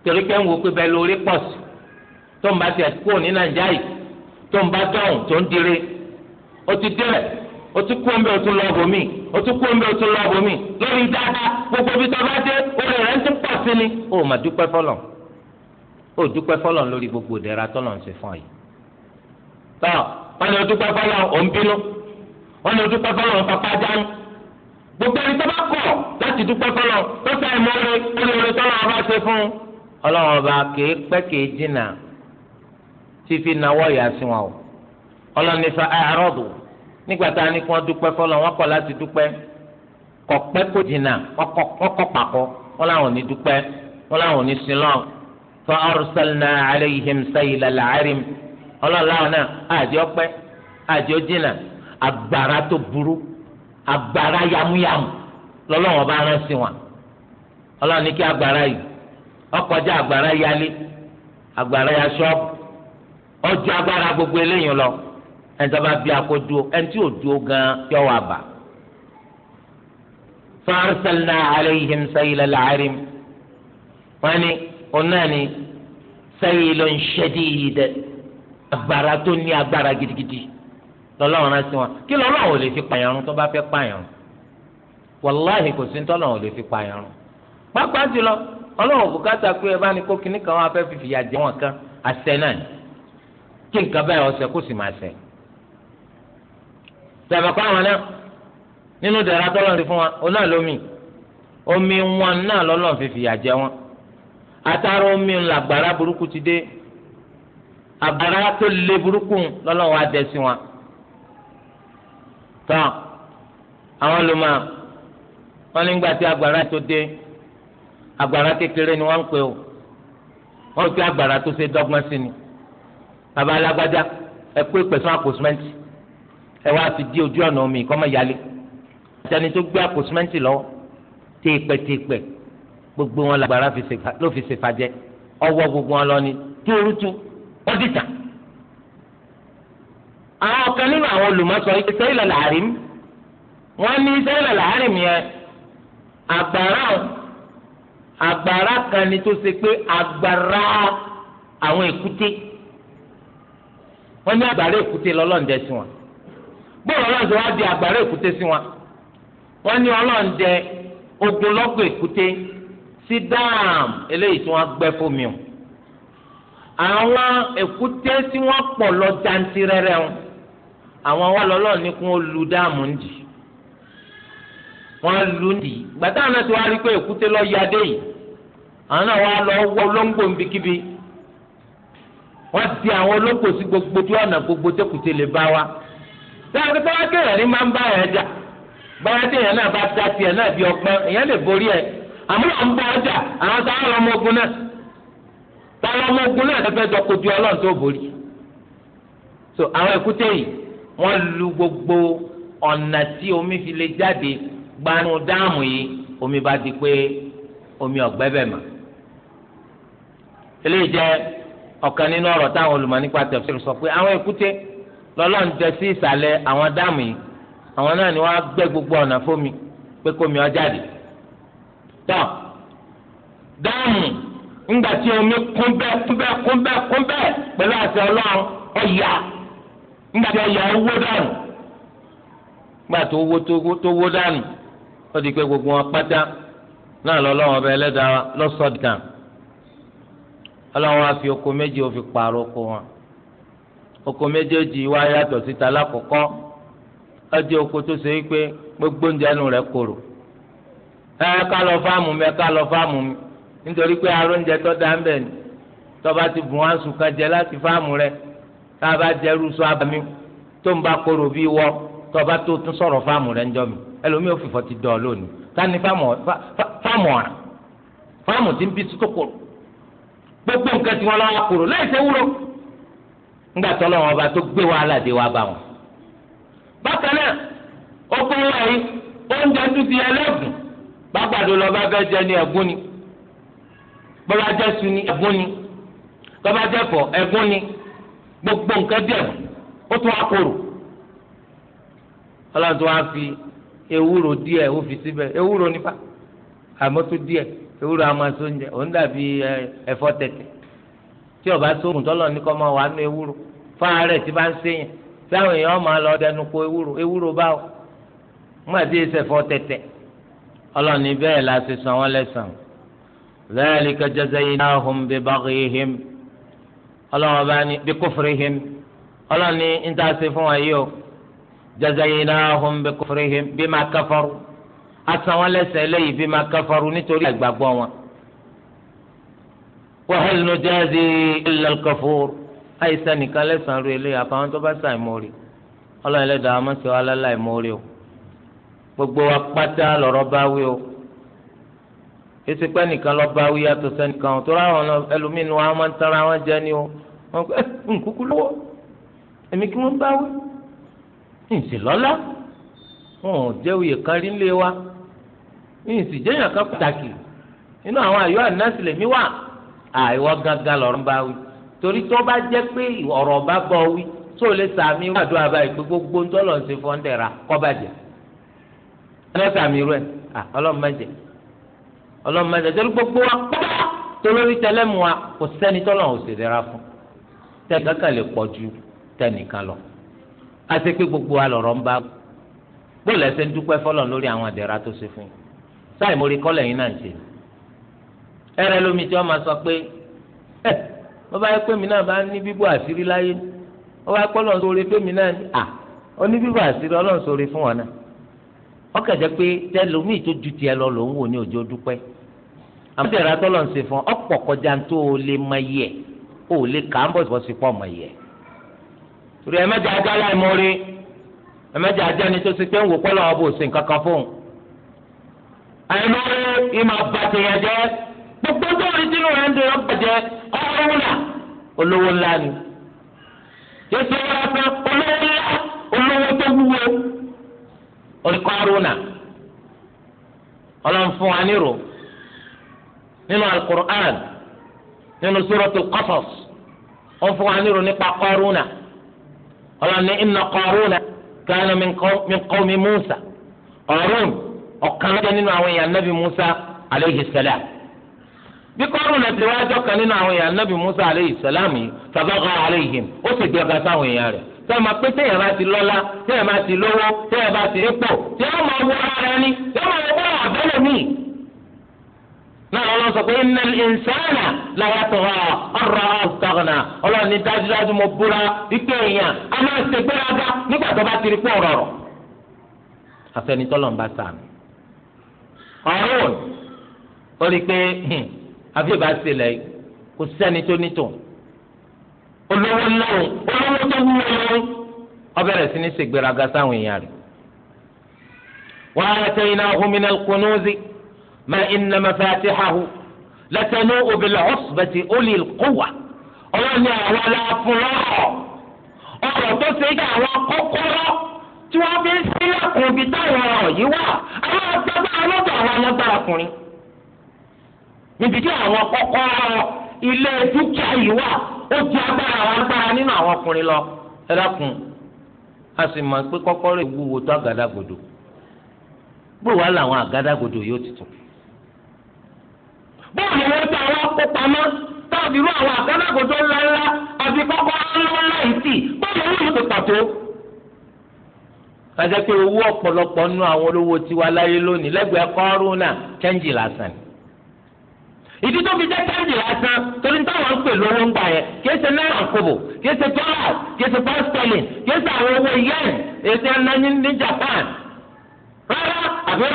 torí pé ń wo pé bẹ́ẹ̀ lórí pọ̀ sí tó ń bá tiẹ̀ kúrò ní nàìjíríà yìí tó ń bá dọ̀hùn tó ń dire ó ti dẹ́rẹ̀ ó ti kú ọmọbẹ ó ti lọ bòmí ó ti kú ọmọbẹ ó ti lọ bòmí lórí dáadáa gbogbo ibi tó bá dé orí rẹ̀ ń ti pọ̀ sí ni ó mà dúpẹ́ fọlọ́n ó dúpẹ́ fọlọ́n lórí gbogbo ìdẹ̀ra tọ́lọ́n ṣe fún ọ yìí tọ́ ọ ni ó dúpẹ́ fọlọ́n ò ń bínú wọn lọ dúpẹ́ fọlọ́ pápá jáde gbogbo ẹni tó bá kọ̀ láti dúpẹ́ fọlọ́ tó fẹ́ mọ́ orí olóore ṣe fún ọlọ́run ọba pẹ́ jìnnà fífi nawọ́ ìyá sí wọn o àárọ̀dù nígbà tá a ní kí wọ́n dúpẹ́ fọlọ́ wọn kọ̀ láti dúpẹ́ kọ̀ pẹ́ kò jìnnà pàkọ́ wọn làwọn ò ní dúpẹ́ wọn làwọn ò ní sin agbara tó burú agbara yamuyamu lọ́lọ́wọ́n bá rán wọn ọlọ́run ní kí agbara yìí ọkọjá agbara yálé agbara ya ọ ọjọ́ agbara gbogbo eléyìí lọ ẹni tó bá bí akojú gan yọ wà bá. fọ́nrẹ́sẹ̀lá aláìhìm sẹ́yìnlẹ̀ làárín wọ́n onáni yìí tó ní gidigidi. lọ́lọ́run rán sí wọn kí lọ́lọ́run ò lè fi pààyàn run tó bá fẹ́ pààyàn run wàláhì kò sí tọ́lọ́run ò lè fi pààyàn run pàápàá jùlọ ọlọ́run bùkátà pé ẹ bá ní kó kinní kan wá fẹ́ fi fìyà jẹ wọn kan àṣẹ náà ni kí nǹkan báyìí ọ̀sẹ̀ kó sì máa ṣẹ. tẹ̀mẹ̀kọ́ àwọn náà nínú dẹ̀ra tọ́lọ́run ti fún wa ọ náà lómi omi wọn náà lọ́lọ́run fi fìyà jẹ wọn atara omi làgbára burúkú ti dé àgbára tó le burúkú lọ́lọ́run wa dẹ̀ sí wọn tán àwọn ló máa wọn nígbà tí agbára tó dé agbára kékeré ni wọn ń pè o wọn fi agbára tó ṣe dọ́gbọ́n sí ni baba alágbádá ẹ kó ìpẹ̀sán àpòsímẹ́ǹtì ẹ wá fi di ojú ọ̀nà omi kọ́ mọ́ yálé àtẹni tó gbé àpòsímẹ́ǹtì lọ́wọ́ téèpẹ̀ téèpẹ̀ gbogbo wọn làgbára ló fi ṣèfàjẹ ọwọ́ gbogbo wọn lọ ni túrútú ó dìtà àwọn kan nínú àwọn olùmọ̀sọ ìṣe ìlà làárín wọ́n ní ìṣe ìlà làárín yẹn àgbàrá àgbàrá kan ni tó ṣe pé àgbàrá àwọn èkúté wọ́n ní àgbàrá èkúté lọ́lọ́ǹdẹ sí wọn bóòlù ọlọ́ǹdẹ wá di àgbàrá èkúté sí wọn wọ́n ní ọlọ́ǹdẹ ogunlọ́gọ̀ èkúté sí dáàmù eléyìí tí wọ́n gbẹ́ fómi o àwọn èkúté tí wọ́n pọ̀ lọ jantirẹrẹ wọn àwọn wa lọ́lọ́ ní kún ó lu dáàmù ńdì wọ́n lu ńdì gbàtà náà ti wá rí pé èkúté lọ ya dé yìí àwọn náà wá lọ wọ olóńgbò nbíkíbi wọ́n di àwọn olóńgbò sí gbogbo tí ọ̀nà gbogbo tẹ́kùté lè bá wa dáàbò tó wá kéèyàn ní máa ń bá ẹ̀ jà báyà tí èèyàn náà bá dá tiẹ̀ náà bí ọgbọ́n èèyàn lè borí ẹ̀ àmọ́ ń bá ọjà àwọn táwọn ọmọ ogun náà táwọn ọmọ ogun náà so àwọn èkúté wọ́n lu gbogbo ọ̀nà tí omi fi lè jáde gbanú dáàmù yìí omi bá di pé omi ọ̀gbẹ́ bẹ̀ mà. eléyìí jẹ́ ọ̀kan nínú ọ̀rọ̀ táwọn olùmọ̀ nípa tẹ̀síìrì sọ pé àwọn èkúté lọ́lọ́run jẹ sí ìsàlẹ̀ àwọn dáàmù yìí àwọn náà ni wọ́n á gbẹ́ gbogbo ọ̀nà fómi pé kómi ó jáde. tọ́ dáàmù ńgbà tí omi kún bẹ́ẹ̀ kún bẹ́ẹ̀ kún bẹ́ẹ̀ pẹ̀lú àṣẹ ọlọ́run ọ̀yà ńgbà tó yọ owó dànù ńgbà tó wó tó wó dànù ó di pé gbogbo wọn pátá náà lọ́lọ́wọ́ ẹlẹ́dàá àfi oko méjì ó fi pààrọ̀ oko wọn oko méjèèjì wá yàtọ̀ síta gbogbo ẹ ká lọ fáàmù mi ẹ ká lọ fáàmù mi nítorí pé tó dá ń bẹ̀ ni tọ́ba ti bùn tá a bá dẹrú sọ abami tó ń bá kóró bí wọ tó o bá tó tún sọ̀rọ̀ fáàmù rẹ̀ ń jọ mi ẹlòmíì ò fìfọ́ ti dọ̀ lónìí tani fáàmù ọ̀ràn fáàmù ti ń bí tó kóró gbogbo nǹkan tí wọ́n lọ́wọ́ kóró láì ṣe wúro ńgbà tó lọ́wọ́ ọba tó gbé wàhálà dé wá bá wọn. bákan náà ó kó wáyé oúnjẹ tún ti ẹlẹ́gùn gbàgbàdo lọ́ba fẹ́ jẹ ní ẹ̀gún ni bọ́lá jẹ́ su ẹ̀gún ni tọ́ba jẹ́ fọ́ ẹ̀gún ni gbogbo nǹkan dẹ̀ ó tún akoro ọlọ́run tó wá fi ewúro díẹ̀ ó fi síbẹ̀ ewúro nípa àmọ́tó díẹ̀ ewúro amaso oúnjẹ òun dàbí ẹ̀fọ́ tẹ̀tẹ̀ tí ọba sóògùn tọ́lọ̀ ní kọ́ máa wà nú ewúro fáwọn rẹ̀ tí bá ń séyàn táwọn èèyàn máa lọ dẹnu ko ewúro ewúro báwo mú àti ẹsẹ̀fọ́ tẹ̀tẹ̀ ọlọ́run bẹ́ẹ̀ la ṣe san wọ́n lẹ́sàn-án. ذلك جزيناهم ببغيهم ọlọ́run bá ní bí kufrihim ọlọ́run ní ń tà sí fún wa yìí o jazaynahum bí kufrihim bí ma kafaru asan wọn lẹ́sẹ̀ eléyìí bí ma kafaru nítorí àgbàgbọ́ wọn. wa hal nujazi illa al-kafur nìkan lẹ́sàn-án ru eléyìí àfàwọn tó bá sàn ìmọ̀ọ́rì ọlọ́run ẹlẹ́dàá mọ̀ sí wa lálá ìmọ̀ọ́rì o gbogbo wa pátá lọ́rọ̀ bá wí o èsì pé nìkan lọ bá wíyá tó sẹ́nìkan tó ráwọn ẹlòmíín wa máa ń tanra wọn jẹ ni o wọn kọ ẹ eh, nkúkú lọ́wọ́ èmi kí wọ́n bá wí ǹsì lọ́lá wọn ò jẹ́ òye kan rí nílé wa ǹsì jẹ́yàn kan pàtàkì nínú àwọn àyọ̀ ànáṣì lèmi wà àìwọ́ gángan lọ́rọ́ bá wí torí tó bá jẹ́ pé ọ̀rọ̀ bá bọ̀ wí tó lè sàmì wà dùn àbá ìpè gbogbo ńtọ́ lọ́n ṣe fọ́ńdẹ̀ra kọ́ bàjẹ́ ẹ̀ lọ́sàmì rẹ̀ ọlọ́mọ jẹ́ ọlọ́run máa tẹ̀sẹ̀ gbogbo wa pátá tolórí tẹlẹ́mu wa kò sẹ́ni tọ́lọ̀ ò sì dẹ́ra fún tẹ̀ka kan lè pọ̀ ju tẹnìkan lọ àti pé gbogbo wa lọ̀rọ̀ ń bá bóòlù ẹsẹ̀ ń dúpẹ́ fọlọ́n lórí àwọn àdẹ̀ra tó ṣe fún yín sáì mórí kọ́lẹ̀ yín náà ń ṣe ẹrẹ lómi tí wọ́n máa sọ pé ẹ wọ́n bá yẹ pé mi náà bá ní bíbú àṣírí láyé wọ́n bá yẹ pé ọlọ́run sóore pé mi náà ní à ó bíbú àṣírí ọlọ́run sóore fún wọn náà ọkàn pé tẹlómi tó ju tiẹ̀ lọ lòún wò ní òjò dúpẹ́ àmọ́ ìrà tọ́lọ̀ ń ṣe fún ọ ọ̀pọ̀ kọjá tó o lè mọ yẹ o lè kà á ń bọ̀ bọ́ sí mọ yẹ. torí ẹ mẹ́jọ ajá láì mọ rí ẹ mẹ́jọ ajá ni tó ṣe pé ń wò pọ́lọ́ ọ̀bọ̀ òsè nǹkan kan fóun. àìmọ́ rí ìmọ̀ bàtìyàn jẹ́ gbogbo tó rí sínú rẹ̀ ń dè ọ́ bàjẹ́ ọ̀rọ̀ wúlà olówó ńlá ni. jésù wọn fẹ́ olówó ńlá olówó tó wúwo orí kọ́rùnà ọlọ́run fún wa nírò nínú alukur'an nínú suratul qasas ó fún wa nírò nípa kọ́rùnà ọlọ́ni inna kọ́rùnà kana min qawmi musa ọ̀rùn ọ̀kan lọ́jọ́ nínú àwọn èèyàn nabi musa aleyhi salam bí kọ́rùnà ti wá jọ kan nínú àwọn èèyàn nabi musa aleyhi salam yìí fabagha alayhim ó sì gbẹ̀gà sáwọn èèyàn rẹ̀ sọ́mọ pé téèyàn bá ti lọ́lá téèyàn bá ti lówó téèyàn bá ti ipò tí wọ́n máa wọ ara ẹni tí wọ́n máa wọ bọ́ọ̀lù míì náà lọ́wọ́ sọ pé innal insana la yatgha an ra'ahu istaghna ọlọ́run ní dájúdájú mo búra wípé èèyàn a máa ṣe gbéraga nígbà tó bá tiri pọ̀ rọrọ̀ afẹnitọ́lọ̀ ń bá sàmì ọ̀rùn ó rí i pé àfi ìbá sílẹ̀ kò sẹ́ni tó nítò olówó lọ́rùn olówó tó wúwo lọ́rùn ó sí ní ṣègbéraga sáwọn èèyàn rẹ̀ wa ataynahum minal kunuzi. ما إن مفاتحه لتنوء بالعصبة أولي القوة ọlọ́ni àwọn aláfọlọ́rọ̀ ọ̀rọ̀ tó ṣe é àwọn kọ́kọ́rọ́ tí wọ́n fi ń sílẹ̀kùn ibi táwọn ọ̀rọ̀ yìí wà àwọn ọ̀gbọ́n alọ́dọ̀ àwọn alágbára kùnrin níbi tí àwọn kọ́kọ́rọ́ ilé dúkìá yìí wà ó ju agbára àwọn agbára nínú àwọn ọkùnrin lọ a sì mọ̀ pé kọ́kọ́rọ́ ìwúwo tó àgádágodo gbòòwà làwọn yóò kó pamọ́ táàbí irú àwọn àgádágodo ńláńlá àbí kọ́kọ́ ńláńlá yìí tì báwo ló ti pé owó ọ̀pọ̀lọpọ̀ nú àwọn olówó tiwa láyé lónìí lẹ́gbẹ̀ẹ́ kọ́rùnà ún lásán ìdí tó fi lásán torí táwọn ń pè lówó ń gbà kìí ṣe náírà kìí ṣe dọ́là kìí ṣe Japan rárá àbí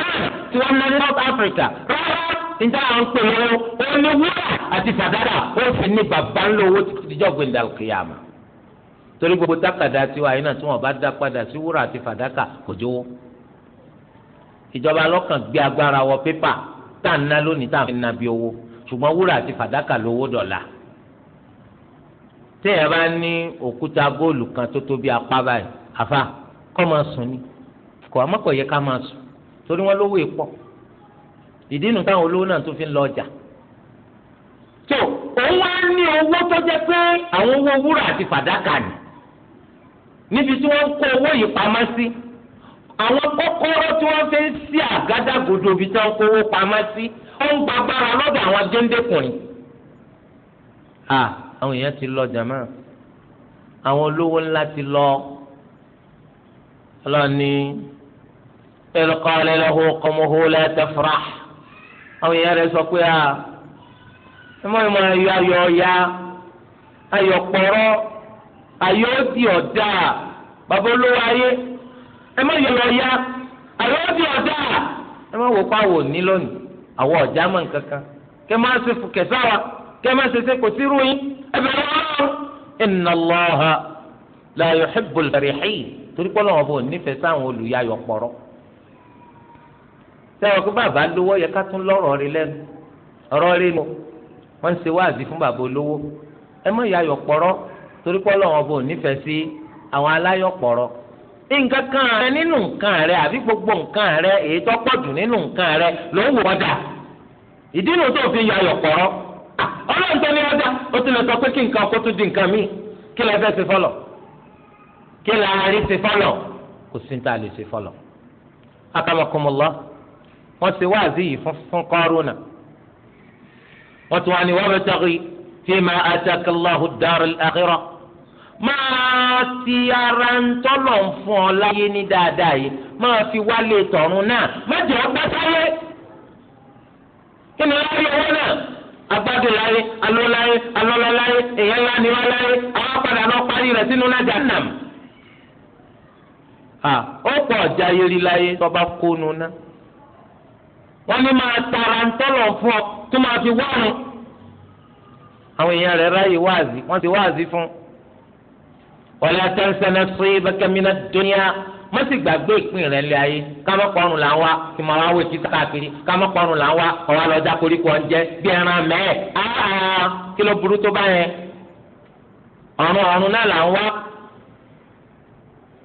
tí wọ́n lọ ní North Africa rárá níta àwọn pè lọ́wọ́ ó ní wúrà àti fàdákà ó fi ní bàbá ńlọ owó títí díjọ́ gbẹ̀ndàkìyàmà torí gbogbo tákàdá tiwa yìí náà tí wọn bá dá padà sí wúrà àti fàdákà kò jówó ìjọba lọ́kàn gbé agbára wọ pépà tá à ń ná lónìí tá à ń ná bí owó ṣùgbọ́n wúrà àti fàdákà lówó dọ́là téèyàn bá ní òkúta góòlù kan tó tó apá báyìí àfa kọ́ máa sùn ni kò àmọ́ yẹ ká máa sùn torí wọn lówó èpọ̀ ìdí nu táwọn olówó náà tó fi ń lọ ọjà tó òun wá ní owó tó jẹ́ pé àwọn owó wúrà àti fàdákà ni níbi tí wọ́n kó owó yìí pamọ́ sí àwọn kọ́kọ́rọ́ tí wọ́n fi ń sí àgádágodo ibi tí wọ́n kó owó pamọ́ sí ó ń gbàgbára lọ́dọ̀ àwọn géńdékùnrin. à àwọn èèyàn ti lọ jàmá àwọn olówó ńlá ti lọ ọlọ́ni. إذ قال له قومه لا تفرح أو يا رزق يا المهم يا يا يا أيو قرو أيو ديو دا بابولو أيه أما يا يا أيو ديو دا أما وقع ونيلون أو جامن كاكا كما سيف كساوا كما سيف كسيروي أبلغ إن الله لا يحب الفرحين تقول لهم أبو النفس أن يا يقرأ sẹ́wọ̀n pé bàbá lówó yẹ ká tún lọ́rọ̀ rí lẹ́nu ọ̀rọ̀ rí mu wọ́n ń wáàzì fún bàbá olówó ẹ mọ̀ ìyá ayọ̀pọ̀rọ̀ torí pé ọlọ́run nífẹ̀ẹ́ sí àwọn aláyọ̀pọ̀rọ̀ nǹkan kan rẹ nínú nǹkan rẹ àbí gbogbo nǹkan rẹ èyí tó jù nínú nǹkan rẹ ló ń wò ọjà ìdí nu tó fi yọ ayọ̀pọ̀rọ̀ ọlọ́run tó ní ọjà ó ti sọ pé kí wọ́n ti wáàzí yìí fún fún kọ́rọ́nà wọ́n ti wá ní wọ́n bẹ tọ́kì tí ma atakallahu darul akhirah máa ti ara ń tọ́lọ̀ ń fún ọ láyé ní dáadáa yìí máa fi wálé tọ̀run náà má jẹ́ ọgbẹ́ sáyé kí ni wọ́n yọ wọ́n náà agbádùn láyé alóláyé alọ́lọ́láyé èèyàn ńlá ni wọ́n láyé àwọn padà lọ parí rẹ̀ sínú náà jahannam. ó pọ̀ ọ̀jà yẹri láyé tọ́ba kónú náà wọ́n ní máa tara ń tọ́lọ̀ fún ọ tó máa fi wáàrùn. àwọn èèyàn rẹ̀ ráyè wáàzì wọ́n ti wáàzì fún. wala tansa nasibaka mina dunya wọ́n sì gbàgbé ìpín rẹ̀ lé ayé kámọ́kọ́rùn là ń wá tí màá wá wé títà káàkiri kámọ́kọ́rùn là ń wá ọ̀wá lọ́jà koríko ọ̀njẹ́ bí ẹran mẹ́ẹ̀ áá kí ló burú tó bá yẹn. ọ̀run ọ̀run náà là ń wá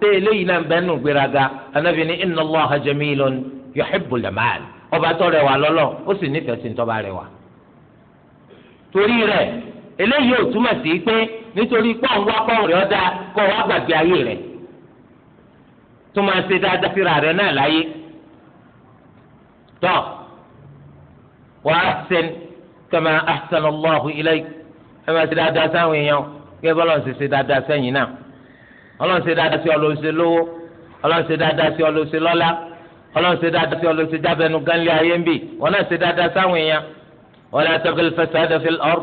ṣé eléyìí náà bẹ́ẹ̀ nù gbéraga anabi ni inna Allaha jamilun yuhibbul jamal ọba tó rẹwà lọ́lọ́ ó sì nífẹ̀ẹ́ sí tọ́ba rẹwà. torí rẹ̀ eléyìí ò túmọ̀ sí pé nítorí pọ́ùn wá pọ́ùn rẹ̀ ọ́dà kọ́ wá gbàgbé ayé rẹ̀ tó máa ṣe dáadáa síra rẹ̀ náà láyé. tọ́ wa ahsin kama ahsana Allahu ilayk ẹ máa ṣe dáadáa sáwọn èèyàn kí ẹ bọ́lọ̀ ń ṣe dáadáa sẹ́yìn náà ọlọ́run ṣe dáadáa sí ọ ló ṣe lówó ọlọ́run ṣe dáadáa sí ọ ló ṣe lọ́lá ọlọ́run ṣe dáadáa sí ọ ló ṣe jábẹ́nu gánlé ayé ń bì wọn náà ṣe dáadáa sáwọn èèyàn wọn náà tẹ́kẹ́lẹ́ fẹsẹ̀ ẹ̀dẹ́fẹ́ ọ̀r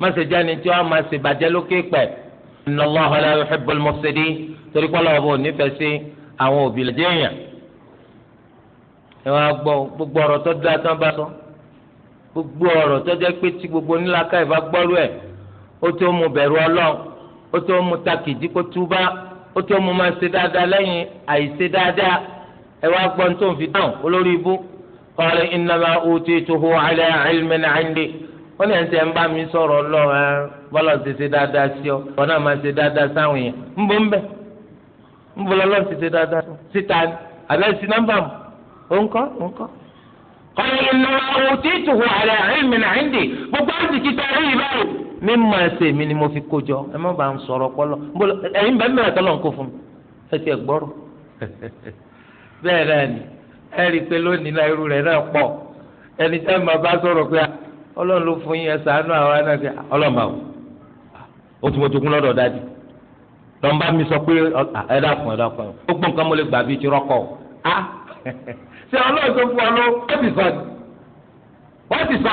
má ṣe jáni tí wọ́n máa ṣe bàjẹ́ lókè pẹ̀ innallaha la yuhibbul mufsidin torí pọ́lọ́ ọ̀bọ̀ nífẹ̀ẹ́ sí àwọn òbí lè déèyàn. ẹ wá gbọ́ gbogbo ọ̀rọ̀ ó tó mo máa ṣe dáadáa lẹ́yìn àìṣe dáadáa ẹ wá gbọ́ tó ń fi dáhùn olórí ibú qala innama utituhu ala ilmin indi ó ní ẹ̀ńtẹ̀ ń bá mi sọ̀rọ̀ lọ ẹ bọ́lá ti ṣe dáadáa sí ọ ọ náà máa ṣe dáadáa sáwọn yẹn ń bọ́ ń bẹ̀ ń bọ́ lọ́lọ́ ti ṣe dáadáa síta sí nọ́mbà mu ó mi máa ṣe èmi ni mo fi kó jọ ẹ má bàa sọ̀rọ̀ pọ́lọ́ ẹ̀yin bẹ́ẹ̀ mẹ́rin tọ́lọ̀ ń kó fún mi ẹ ti ẹ̀ gbọ́rọ̀ bẹ́ẹ̀ náà ni ẹ rí i pé lónìí náà irú rẹ̀ náà pọ̀ ẹni tẹ́ ẹ máa bá sọ̀rọ̀ pé ọlọ́run ló fún yín ẹ sàánú àwọn ẹ̀ náà pé ah, ọlọ́run bá wò ó ti mo jogún lọ́dọ̀ dájú lọ́nba mi sọ pé ah, ẹ dákun ẹ dákun ó gbọ́n nǹkan mo lè gbà bíi ti rọ́kọ̀ ah! ṣé ọlọ́run tó fún ọ ló ó ti sọ ni wọ́n ti sọ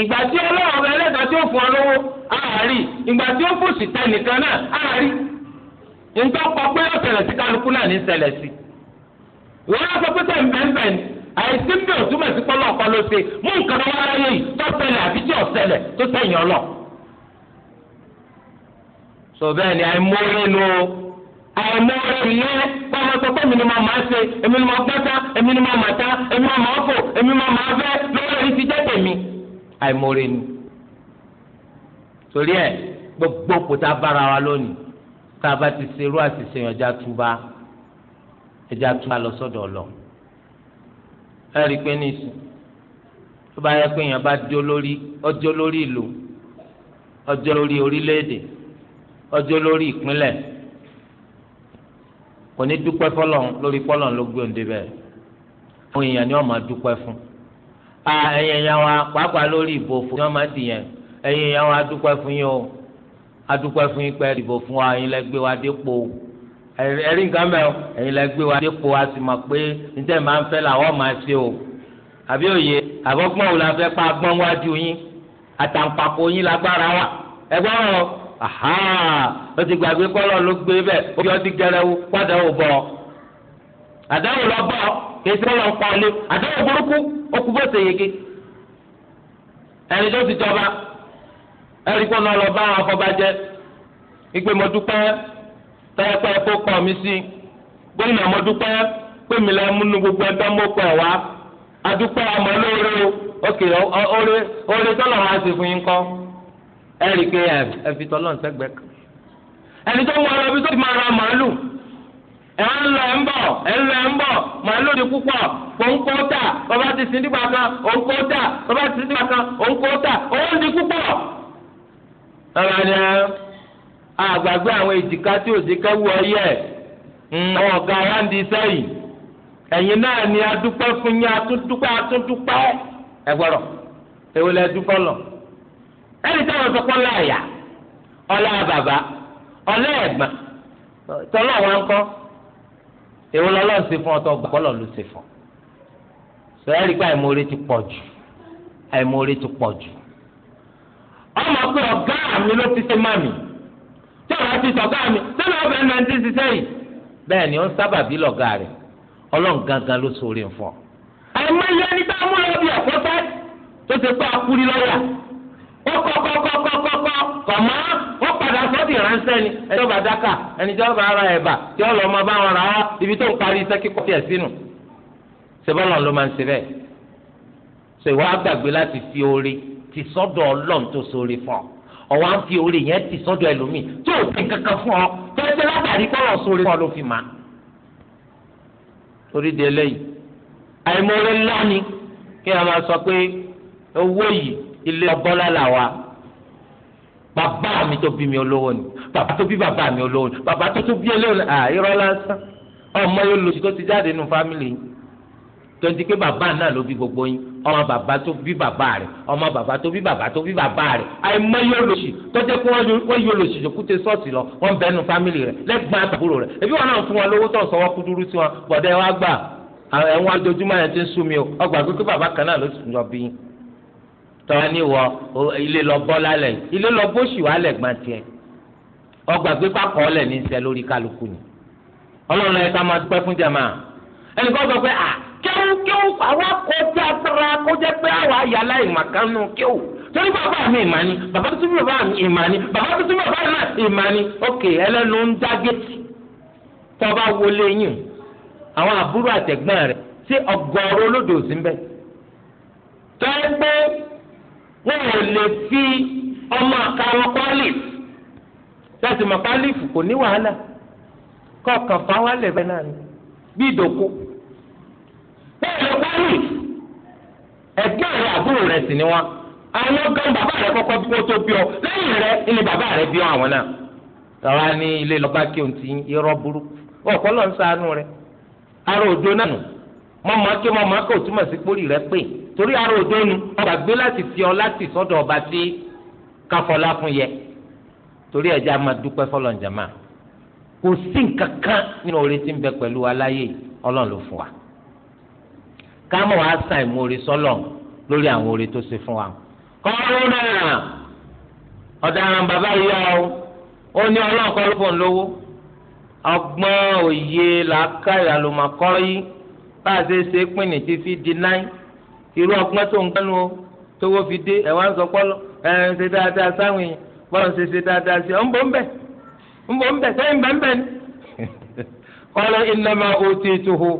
ìgbà tí ọlọ́run ọba ẹlẹ́dàá tí ó fún ọ lówó àárí ìgbà tí ó fún sìtá nìkan náà àárí nígbà kọ pé ó ṣẹlẹ̀ sí kálukú náà ní ṣẹlẹ̀ sí. ìwọ náà sọ pé tẹ̀ ń bẹ́ẹ̀ bẹ́ẹ̀ ni àìsí mi ò túmọ̀ sí pọ́lọ́ ọ̀kọ́ ṣe mú nǹkan tó wáyé yìí àbí tí ò tó tẹ̀yìn ọlọ́. sọ bẹ́ẹ̀ ni àìmọ́rí nu àìmọ́rí yẹn báwọn sọ ni mo máa ṣe èmi ni mo gbọ́ta èmi ni mo màta èmi ni mo máa fò èmi ni mo máa fẹ́ lọ́wọ́ èyí ti jẹ́ tèmi àìmọ̀rẹ́ ni torí ẹ gbogbo kò tá a bára wa lónìí tá a bá ti ṣe irú àṣìṣe yẹn ẹja túbá ẹja túbá lọ sọ́dọ̀ ọlọ ẹ rí i pé nísìn tó bá yẹ pé èèyàn bá jó lórí ọjọ́ lórí ìlú ọjọ́ lórí orílẹ̀-èdè ọjọ́ lórí ìpínlẹ̀ kò ní dúpẹ́ fọlọ́n lórí fọlọ́n ló gbé òǹdè bẹ́ẹ̀ àwọn èèyàn ni wọ́n máa dúpẹ́ fún ẹ̀yìn ẹ̀yàn wa pàápàá lórí ìbò fún yín ti yẹn ẹ̀yìn ẹ̀yàn wa adúpẹ́ fún yín o adúpẹ́ fún yín pé ìbò fún wa ẹ̀yin lẹ wa dépò ẹ̀rí nǹkan mẹ́ o ẹ̀yin wa dépò a sì mọ̀ pé níta máa ń fẹ́ làwọn máa ṣe o àbí òye àbọ̀gbọ́n wo la fẹ́ pa agbọ́n wájú yín àtàǹpàkò yín lágbára wa ẹgbẹ́ wọn aha ó ti gbàgbé kọ́lọ́ ló gbé bẹ́ẹ̀ ó kéésì lọ ya àtẹwọ́ burúkú okú bó yege ẹni tó ti jọba ẹni kó náà lọ bá afọbajẹ ìpè mo dúpẹ́ kó kọ́ mi sí gómìnà mo pé mi múnú gbogbo wá ọmọ lóore o òkè oore oore tọ́lọ̀ wá sí fún yín kọ́ ẹ̀rí pé ẹ̀fitọ́ kan ẹni tó bí tó ti máa ra màálù. ẹ ń lọ ẹ ń bọ̀ ẹ ń lọ ń di púpọ̀ òǹkó tà bàbá ti sin nígbà kan òǹkó tà bàbá ti sin nígbà kan òǹkó tà òun di púpọ̀. ni àgbàgbé àwọn èjìká tí ọ yẹ hmm, ọ̀gá sẹ́yìn náà ni adúpẹ́ fún yín atúndúpẹ́ atúndúpẹ́ ẹ gbọ́dọ̀ lẹ lọ. ẹni sọ pé tọ́lọ́ kọ́ èwo lọ́lọ́run ṣe fún ọ tó gbà kọ́ lọ́ọ́ ló ṣe fún ọ sọyá rí pé àìmoore ti pọ̀ jù àìmoore ti pọ̀ jù ọmọ pé ọ̀gá mi ló ti ṣe mami tí ọ̀gá ti sọ̀gá mi sọ́nà ọ̀bẹ náà ti ṣiṣẹ́ yìí bẹ́ẹ̀ ni ó ń sábà bí lọ́gà rẹ̀ ọlọ́run gangan ló sọ orin fún ọ. àìmọye ẹni tá a mú lọ bí ọ̀pọ̀ fẹ́ tó ti pa akúrí lọ́yà ó kọ́kọ́kọ́kọ́kọ́ kọ̀mọ́ ó padà sọ́ọ̀dì ránṣẹ́ ni ẹjọ́ bá dáka ẹni jọ́ bá ara ẹ̀bà tí ó lọ́ọ́ máa bá wọn ra wá ibi tó ń parí iṣẹ́ kíkọ́ tiẹ̀ sínú. ṣèbọ́lọ̀ ló máa ń ṣe bẹ́ẹ̀ ṣe ìwọ àgbàgbé láti fi oore ti sọ́dọ̀ ọlọ́run tó sóore fún ọ ọ̀wá ń fi oore yẹn ti sọ́dọ̀ ẹlòmíì tí ò fi kankan fún ọ tẹ́tẹ́ látàrí kọ́rọ̀ sóore fún ọ ló fi mà. torí de eléyìí àìmọ̀ọ́rẹ́ ńlá kí a máa sọ pé owó yìí ilé ọbọ́lá là wa bàbá mi tó bí mi olówó ni bàbá tó bí bàbá mi olówó ni bàbá tó tó bí olówó ni à irọ́ lásán ọmọ yóò lòsì tó ti jáde nù fámìlì yìí tonti pé bàbá náà ló bí gbogbo yín ọmọ bàbá tó bí bàbá rẹ ọmọ bàbá tó bí bàbá tó bí bàbá rẹ àìmọ yóò lòsì tọ́jú pé wọ́n yóò lòsì tó kúte sọ́ọ̀sì lọ wọ́n bẹ́ẹ̀ nu fámìlì rẹ lẹ́gbọ́n àtàbúrò rẹ ẹbí wọn náà fún wọn lówó tó ń sọwọ́ sí wọn bọ̀dẹ̀ wọn gbà ẹ̀wọ̀n ojoojúmọ́ tọ́wọ́ ní wọ ilé lọ bọ́ lálẹ́ ilé lọ bóṣì wà lẹ́gbọ́n tiẹ̀ ọgbà gbígbà kọ́ lẹ̀ ní sẹ́ lórí kálukú ni ọlọ́run ẹ̀ka máa dúpẹ́ fún jàmá ẹnì kan sọ pé à kéwù kéwù àwa kọjá sara kọjá pé àwa yàrá ìmàkánú kéwù torí bàbá mi ìmàní bàbá tó tún bàbá mi ìmàní bàbá tó tún bàbá náà ìmàní ókè ẹlẹ́nu ń dá géètì tọ́ba wọlé yìí àwọn àbúrò àtẹ̀gbọ́n rẹ̀ sí ọgọ́rùn olódò sí ń bẹ́ẹ̀ tọ́ ẹ pé wọn ò lè fi ọmọ àkàrọ̀ pálífù láti mọ̀ pálífù kò ní wàhálà kọ̀ọ̀kan fáwọn lẹ̀bẹ̀ náà ni bí ìdòkó bẹ́ẹ̀ lọ pálífù ẹ̀gbọ́n rẹ àbúrò rẹ sì ni wọn àwọn kan bàbá rẹ kọ́kọ́ bí wọ́n tó bí ọ lẹ́yìn rẹ ilé bàbá rẹ bí ọ àwọn náà tọ́wá ní ilé lọ́ba kí òun ti irọ́ burúkú ọ̀pọ̀ lọ́n sànú rẹ ara òdo náà nù mọ́mọ́ kí mọ́mọ́ kí òtúmọ̀ sí pórí rẹ pè é torí ara òdónu ọba gbé láti fi ọ láti sọ́dọ̀ ọba tí káfọlá fún yẹ torí ẹjẹ a máa dúpẹ́ fọlọǹjàmá kò sí nǹkan kan nínú oore ń bẹ pẹ̀lú aláyé Ọlọ́run ló fún wa ká mọ̀ wá sàn ìmoore sọ́lọ̀ lórí àwọn oore tó ṣe fún wa. kọ́ńtà ọ̀daràn bàbá yìí ọ́ ó ní ọlọ́ọ̀kọ́ ló fún lówó ọgbọ́n òye làákàyà ló máa kọ́ yìí bá a ṣe ṣe pín títí di náírà irú ọgbọ́n tó ń gbẹ́nu o tówó fi dé ẹ̀ wá ń sọ pọ́lọ́ ẹ̀ ń ṣe dáadáa sáwọn yìí bọ́lọ̀ ṣe ṣe dáadáa sí ọ ń bọ̀ ń bẹ̀ ń bọ̀ ń bẹ̀ sẹ́yìn bẹ́ẹ̀ bẹ́ẹ̀ ni. qala innama utituhu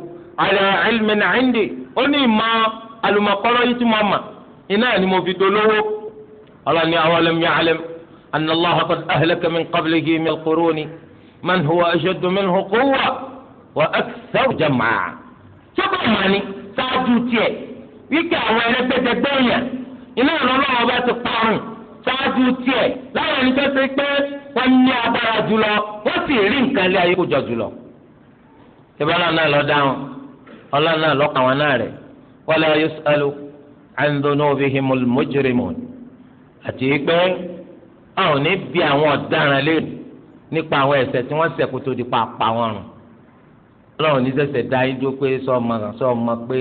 ala ilmin indi ó ní ìmọ̀ alùmọ̀kọ́lọ́ yìí tí mo mà iná ni mo fi dolówó. ọlọ́ni awalam ya'lam anna Allaha qad wíkẹ́ àwọn ẹlẹ́gbẹ́jẹgbẹ́ na iná ìrànlọ́wọ́ ọba ti parun ṣáájú tiẹ̀ láwọn ẹni tó ṣe pé wọ́n ní agbára jùlọ wọ́n sì rí nǹkan lé ayé kó jọ jùlọ. ìbálò náà lọ dáhùn ọlọ́run náà lọ́kàn wọn náà rẹ̀ wala yusalu an dhunubihimul mujrimun àti pé àwọn ní bí àwọn ọ̀daràn lé nípa àwọn tí wọ́n di pa àpà wọn rùn ọlọ́run ní sẹ̀sẹ̀ dá yín dúró pé sọ́ọ̀mọ sọ́ọ̀mọ pé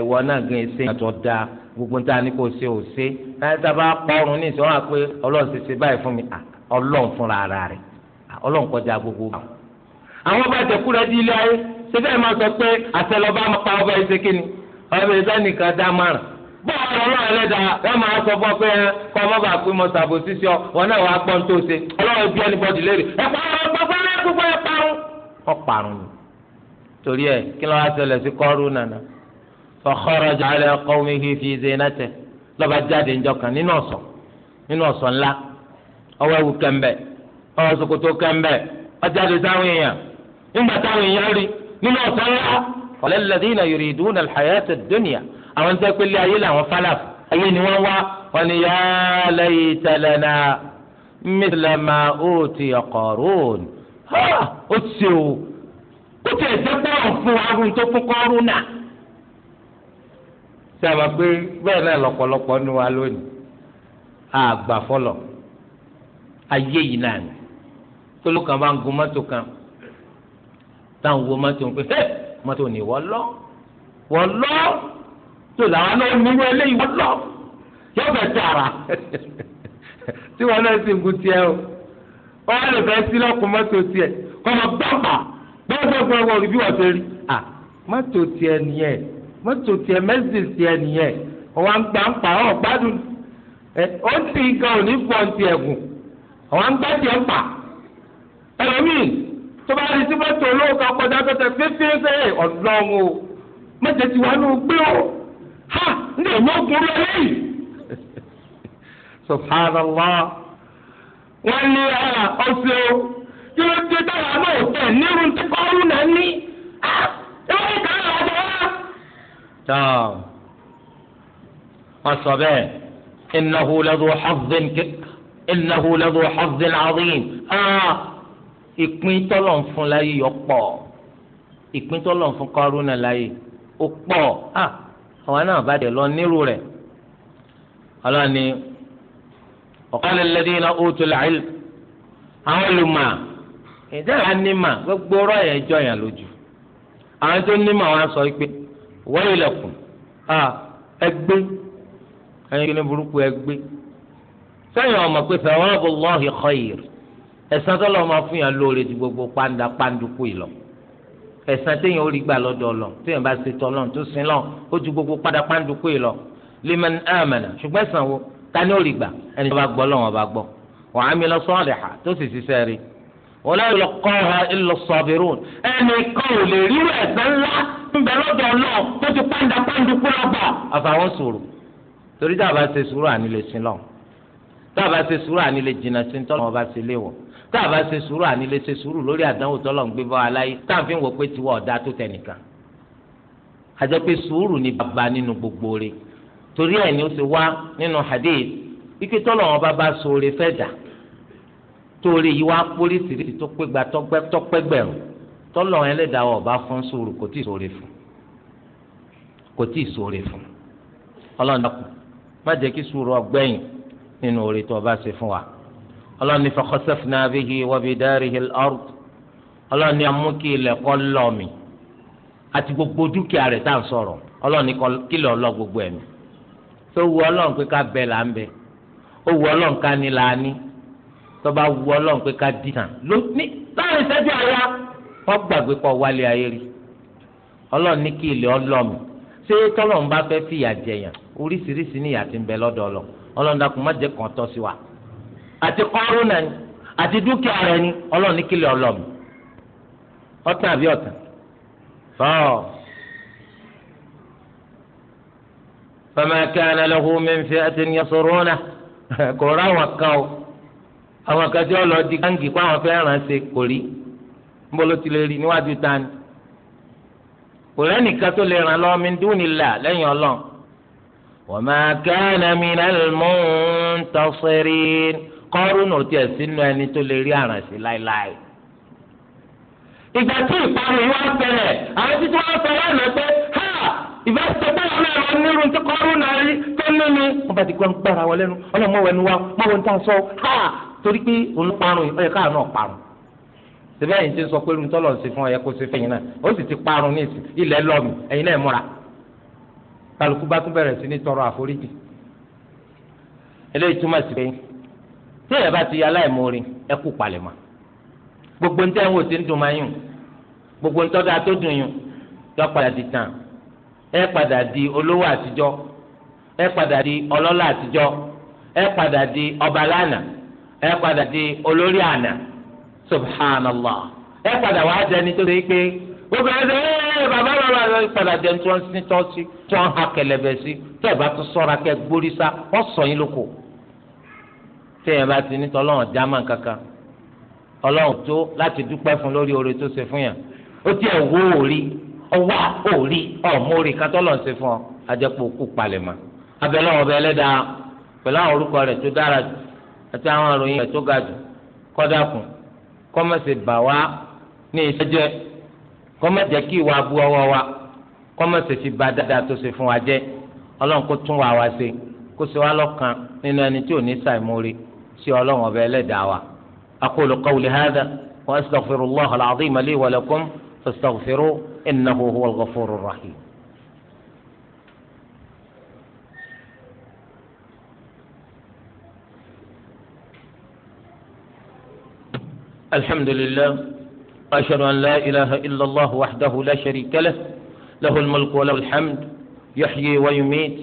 ìwọ náà gan ẹsẹ̀ àtọ̀ da gbogbo níta ní kò ṣe ò ṣe láti sábà pọ́ọ̀rùn ní ìṣọ́ra pé ọlọ́run ṣe ṣe báyìí fún mi ọlọ́run fúnra ara rẹ̀ ọlọ́run kọjá gbogbo. àwọn bá jẹ kúrẹ́ di ilé ayé ṣé bẹ́ẹ̀ máa sọ pé àtẹlọba máa pa ọba ẹsẹ̀ kíni ọba ẹsẹ̀ nìkan dá márùn bọ́ọ̀lù ọlọ́run ẹlẹ́dàá ẹ máa sọ torí ẹ kí ló wá ṣẹlẹ̀ sí kọ́rù nànà fa kharaja ala qawmihi fi zinatihi lọ́ba jáde ńjọ kan nínú ọ̀sán nínú ọ̀sán ńlá ọwọ́ ẹ̀wù kẹ́ńbẹ́ ọwọ́ ṣòkòtò kẹ́ńbẹ́ ọjáde sáwọn èèyàn nígbà táwọn èèyàn rí nínú ọ̀sán ńlá qala alladhina yuriduna alhayata ad-dunya àwọn tẹ́ pélé ayé làwọn fálàfù ayé ni wọ́n wá wọn ni ya layta lana mithla ma kó tiẹ̀ sẹ́kọ̀ọ́ fún arun tó fún kọ́rú náà. ṣé a máa pé bẹ́ẹ̀ náà lọ́pọ̀lọpọ̀ ní wa lónìí àgbà fọlọ̀ ayé yìí náà ni tólùkàn bá ń gun mọ́tò kan táwọn wo mọ́tò ń pè é mọ́tò ní wọ́n lọ́ wọ́n lọ́ tó làwọn náà nínú eléyìí wọ́n lọ́ yóò bẹ̀ tààrà tí wọ́n náà sì ń gun tiẹ̀ o wọ́n lè fẹ́ sílẹ̀kùn mọ́tò tiẹ̀ kọ́ ọ bẹ́ẹ̀ sọ fún ọkọ bí wọ́n ṣe rí à mọ́tò tiẹ̀ nìyẹn mọ́tò tiẹ̀ Mercedes tiẹ̀ nìyẹn ọ̀wá ń gbà ń pa ọ̀ gbádùn ẹ̀ ó ti gan òní fọ́ ti ẹ̀gùn ọ̀wá ń gbà tiẹ̀ ń pa ẹlòmíì tó bá rí sí mọ́tò olówó kan kọjá tó tẹ fífín sẹ́yìn ọ̀dùnlọ́run o mọ́tò tiwa ló gbé o ha ń lè mọ́ ògùn lọ lẹ́yìn subhanallah wọ́n lé ah, ọ̀sẹ̀ o kí ló dé tán wọn sọ bẹ́ẹ̀ innahu ladhu hazzin innahu ladhu hazzin azim ìpín tọ́lọ̀ ń fún láyé yọ pọ̀ ìpín tọ́lọ̀ ń fún kọ́rùnà láyé ó pọ̀ àwọn náà bá dẹ̀ lọ nírú rẹ̀ ọlọ́ni ọ̀kọ́lẹ̀ lẹ́dínlá òtún làálù àwọn olùmọ̀ ìdára nímà gbogbo ọ̀rọ̀ yẹn jọyàn lójú àwọn tó nímà wọn sọ pé wailakum à ẹgbẹ́ ẹ̀yin kìíní burúkú ẹgbẹ́ sẹ́yìn ọmọ pé thawabullahi khair ẹ̀san tó lọ́ọ́ máa fún yàn lóore ju gbogbo pàǹdà pàǹdùkú ìlọ ẹ̀san téèyàn ó rí gbà lọ́dọ̀ ọlọ téèyàn bá ṣe tọ́lọ́n tó sin lọ́n ó ju gbogbo pàǹdà pàǹdùkú ìlọ liman amana ṣùgbọ́n ẹ̀san wo ta ni ó rí gbà ẹni tó bá gbọ́ lọ́wọ́ bá gbọ́ wa amila wọn láyò lọ kọ́ ha ilẹ̀ sọ̀bìrún ẹnì kan ò lè rí ẹ̀sẹ̀ ńlá ńbẹ lọ́dọ̀ náà tó ti pàǹdà pàǹdù kú lọ́gbà. àfàwọn sòrò torí tá a bá ṣe sùúrù àní lè sin lọ tá a bá ṣe sùúrù àní lè jìnnà sí ń tọ́lọ́ wọn bá ṣe léwọ̀ tá a bá ṣe sùúrù àní lè ṣe sùúrù lórí àdánwò tọ́lọ̀ ń gbé bá wa láyé tá a fi ń wò pé tiwọ́ ọ̀dà tó tẹnìkan àjọ pé sùúrù ni bàbá nínú gbogbo rẹ̀ torí ẹ̀ ni ó ti wá nínú hadith torí yìí wá pólísìírísì tó pé gba tọ́pẹ́ gbẹ̀rún tọ́lọ̀ ẹlẹ́dàá ọba fún sùúrù kò tí ì sóore fún kò tí ì sóore fún ọlọ́run dàkú má jẹ́ kí sùúrù ọgbẹ́yìn nínú oore tó ọba ṣe fún wa ọlọ́run ní fakhasafna bihi wa bidarihi al-ard ọlọ́run ní amú kí ilẹ̀ kọ́ lọ́ọ̀mì àti gbogbo dúkìá rẹ̀ tá à ń sọ̀rọ̀ ọlọ́run ní kílẹ̀ ọlọ́ gbogbo ẹ̀mí tó wu ọlọ́run pé ká bẹ̀ là ń bẹ̀ ó wu ọlọ́run ká ní là á ní tọba wu Ọlọ́run pé ká di tàn ló ní táwọn ìṣẹ́jú àyà wọn gbàgbé pọ wálé ayé rí Ọlọ́run ní kí ilé ọlọmi ṣé tọlọ́run bá fẹ́ fìyà jẹyàn oríṣiríṣi ní ìyà tí ń bẹ lọ́dọ̀ ọlọ Ọlọ́run dákun má jẹ́ kàn tọ́ sí wa àti kọrún náà àti dúkìá rẹ̀ ni Ọlọ́run ní kí ilé ọlọmi ọtàn àbí ọtàn fọọ. فما كان له من فئة يصرونه كراوة كاو àwọn kan tí wọ́n lọ di gáǹgì kó àwọn fẹ́ẹ́ ránṣẹ́ kò rí níbo ló ti lè rí níwájú ta ni kò rẹ́nìkan tó lè ràn lọ́wọ́ mi dùn ní là lẹ́yìn ọlọ́run wa ma kana minal muntasirin kọ́rùnù tiẹ̀ sínú ẹni tó lè rí àrànṣe láéláé ìgbà tí ìparun wá ṣẹlẹ̀ àwọn títí wọn sọ lánàá pé ìbá ṣe pé wọn náà wọn nírun tí kọrún náà rí tó ní mi. bá ti gbọ́ ń gbára wọn lẹ́nu ọlọ́mọ wẹnu wa mọ wọn tá a sọ torí pé òun parun ó yẹ káàánú ọ̀parun síbẹ̀ ẹ̀yin ti sọ pé irun tọ́lọ̀ sí fún ọ yẹ kó sí fẹ̀yìn náà ó sì ti parun ní ìsìn ilẹ̀ lọ́ọ̀mù ẹ̀yin náà múra kálukú bá tún bẹ̀rẹ̀ sí ní tọrọ àforíjì eléyìí túmọ̀ sí pé tí èèyàn bá ti yà láìmoore ẹ kú palẹ̀mọ́ gbogbo ntẹ́ ń wò sí ń dùn máa yùn gbogbo ntọ́ da tó dùn yùn yọ padà di tàn ẹ padà di olówó àtijọ́ ẹ padà di ọlọ́lá àtijọ́ ẹ padà di ọba lánàá ẹ padà di olórí àná subhanallah ẹ padà wá jẹ nítorí pé gbogbo ẹ ṣe ẹ bàbá bàbá rẹ padà jẹ tí wọn ní tọ́sí tí wọn ha kẹlẹbẹ sí tí ẹ bá tún sọ́ra kẹ gbórí sá wọn sọ yín lóko tí ẹ bá ti ní tọ́lọ́wọ̀n jámà kankan ọlọ́run tó láti dúpẹ́ fún lórí oore tó ṣe fún yàn ó tiẹ̀ wó òrí ọwá òrí ọ̀mórì kan tọ́lọ̀ ṣe fún ọ ajẹ́pọ̀ kú palẹ̀ mọ́ abẹ́lẹ́ ọ̀bẹ ẹlẹ́dàá pẹ̀lú àwọn orúkọ rẹ̀ tó dára jù àti àwọn ìròyìn rẹ̀ tó ga jù kọ́dàkùn kọ́mọ̀sì bà wá ní ìṣẹ́jẹ́ kọ́mọ̀jẹ́ kí ìwà bu ọwọ́ wa kọ́mọ̀sì fi ba dáadáa tó ṣe fún wa jẹ́ ọlọ́run kó tún wà wá ṣe kó ṣe wá lọ́kàn nínú ẹni tí ò ní ṣàìmórí sí ọlọ́run ọba ẹlẹ́dàá wa. aqulu qawli hadha wa astaghfirullaha al-azima li wa lakum fastaghfiruhu innahu rahim. الحمد لله أشهد أن لا إله إلا الله وحده لا شريك له له الملك وله الحمد يحيي ويميت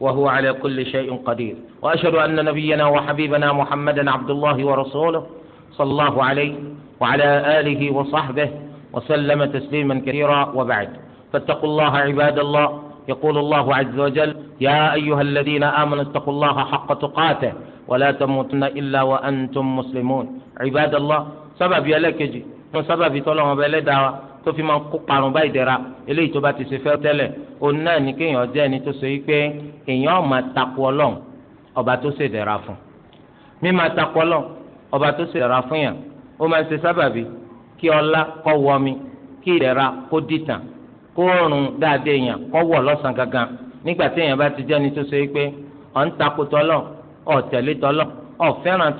وهو على كل شيء قدير وأشهد أن نبينا وحبيبنا محمدا عبد الله ورسوله صلى الله عليه وعلى آله وصحبه وسلم تسليما كثيرا وبعد فاتقوا الله عباد الله يقول الله عز وجل يا أيها الذين آمنوا اتقوا الله حق تقاته ولا تموتن إلا وأنتم مسلمون عباد الله sábàbí ẹlẹ́kejì fún sábàbí tọ́lọ́wọ́n bẹ lẹ́dàá wa tó fi máa kó parun bá ìdẹ̀ra eléyìí tó bá ti ṣe fẹ́ tẹ́lẹ̀ òun náà ní kéèyàn jẹ́ ẹni tó ṣe wípé èèyàn máa takò ọlọ́run ọba tó ṣe dẹ̀ra fún mímá takò ọlọ́run ọba tó ṣe dẹ̀ra fún yàn ó máa ń ṣe sábàbí kí ọlá kó wọ mi kí ìdẹ̀ra kó dìtàn kó rùn dáadé èèyàn kó wọ̀ lọ́sàn gangan nígbà tí èèyàn bá ti jẹ́ ẹni tó ṣe wípé ọ̀ takò tọ́lọ́ ọ̀ tọ́lọ́ ọ̀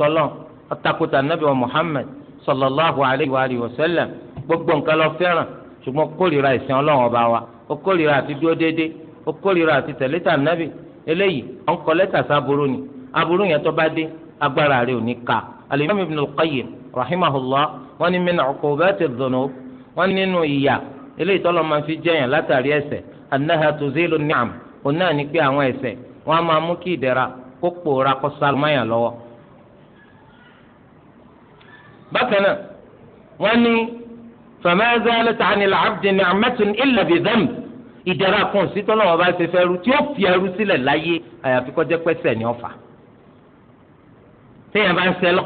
tọ́lọ́ ọ̀ takò tà Muhammad sallallahu alayhi wa alihi wa sallam gbogbo nǹkan lọ fẹ́ràn ṣùgbọ́n kórìíra ìsìn ọlọ́run ọba wa ó kórìíra àti dúró déédéé ó kórìíra àti tẹ̀lé tà nábì eléyìí ó ń kọ lẹ́tà sáburú ni aburú yẹn tó bá dé agbára rẹ̀ ò ní ka alimami ibn al-qayyim rahimahullah wọn ni min uqubati dhunub wọn nínú ìyà eléyìí tọ́lọ́ máa fi jẹ́yàn látàrí ẹ̀ṣẹ̀ annaha tuzilu ni'am òun náà ní pé àwọn ẹ̀ṣẹ̀ wọn á máa mú kí ìdẹ̀ra kó pòórá kó sálùmáyà lọ́wọ́ bákan náà wọ́n ní fàmẹ́sẹ̀ alẹ́tàánì làbdì ní amẹ́tún ilẹ̀ bíi dẹ́m ìdẹ́ra kan sí tọ́lọ́ wọn bá ṣe fẹ́ ru tí ó fi ẹrú sílẹ̀ láyé àyàfi kọjá pẹ́sẹ̀ ní ọ̀fà téèyàn bá ń ṣẹlọ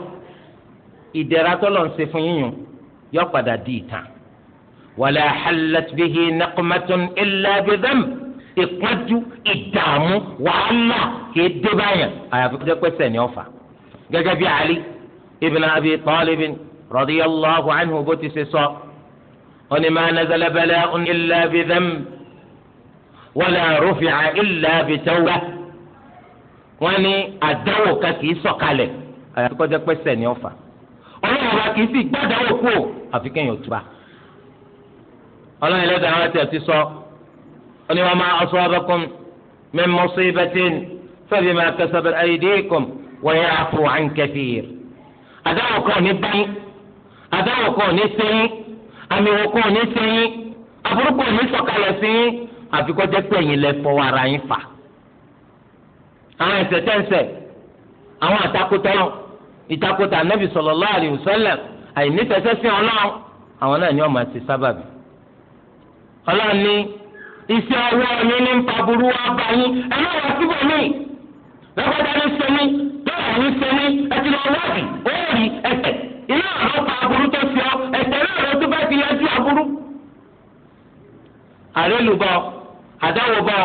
ìdẹ́ra tọ́lọ́ ń ṣe fún yíyún yọ padà di ìtàn wàlẹ́ àhàlẹ́tìbíhì nàkùmẹ́tún ilẹ̀ bíi dẹ́m ìpọ́njú ìdààmú wàhálà kì í dé báyàn àyàfi kọjá pẹ́sẹ̀ ní ọ̀fà gẹ́gẹ́ bí Ali ibn abi talibin radiyallahu anhu bó ti ṣe sọ oni ma nazala bala'un illa bi dhanb wala rufi'a illa bi tawba wọn ni àdáwò kan kì í sọ̀kalẹ̀ àyàfi kọjá pẹsẹ ní ọfà Ọlọ́run ọba kì í sì gbàdáwò kú o àfi kẹyìn òtúbà Ọlọ́run Ẹlẹ́dàá àwọn àti àti sọ oni wa ma asabakum min musibatin fa bima kasabat aydikum wa ya'fu an kathir. Ada kan n'i ní báyìí àdáwò kan ò ní sẹ́yìn n'i kan ò ní sẹ́yìn àbúrúkọ ní sọ̀kalẹ̀ sí àfikọ́ jẹ́ pé ara yín fà àwọn ẹ̀ṣẹ̀ tẹ́ǹṣẹ̀ àwọn àtakùtọ̀ ìtakùtọ̀ ànábì sallallahu alaihi ni ọmọ ti sábàbí iṣẹ́ ọwọ́ lọ́kọ̀dá ní sẹ́mi lọ́wọ́ ní sẹ́mi ẹtì lọ wọ́ọ̀dì òórì ẹ̀tẹ̀ iná ọ̀rọ̀ pa aburú tó fi ọ ẹ̀tẹ̀ náà ló tó bá ti yanjú aburú. àrélùbọ àdáwòbọ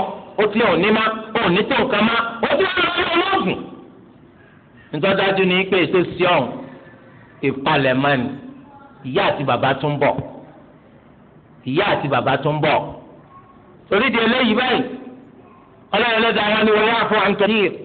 ó ti òní má òní tó nǹkan má ó ti wọn lọ lọ́ọ̀gùn. ntọ́jájú ni pé ètò sí ọ̀hún ìpalẹ̀mọ́ ni ìyá àti bàbá tún bọ̀ ìyá àti bàbá tún bọ̀ torí di eléyìí báyìí ọlọ́run ló wọn ni wọ́n yá fún àǹtọ́jú yìí.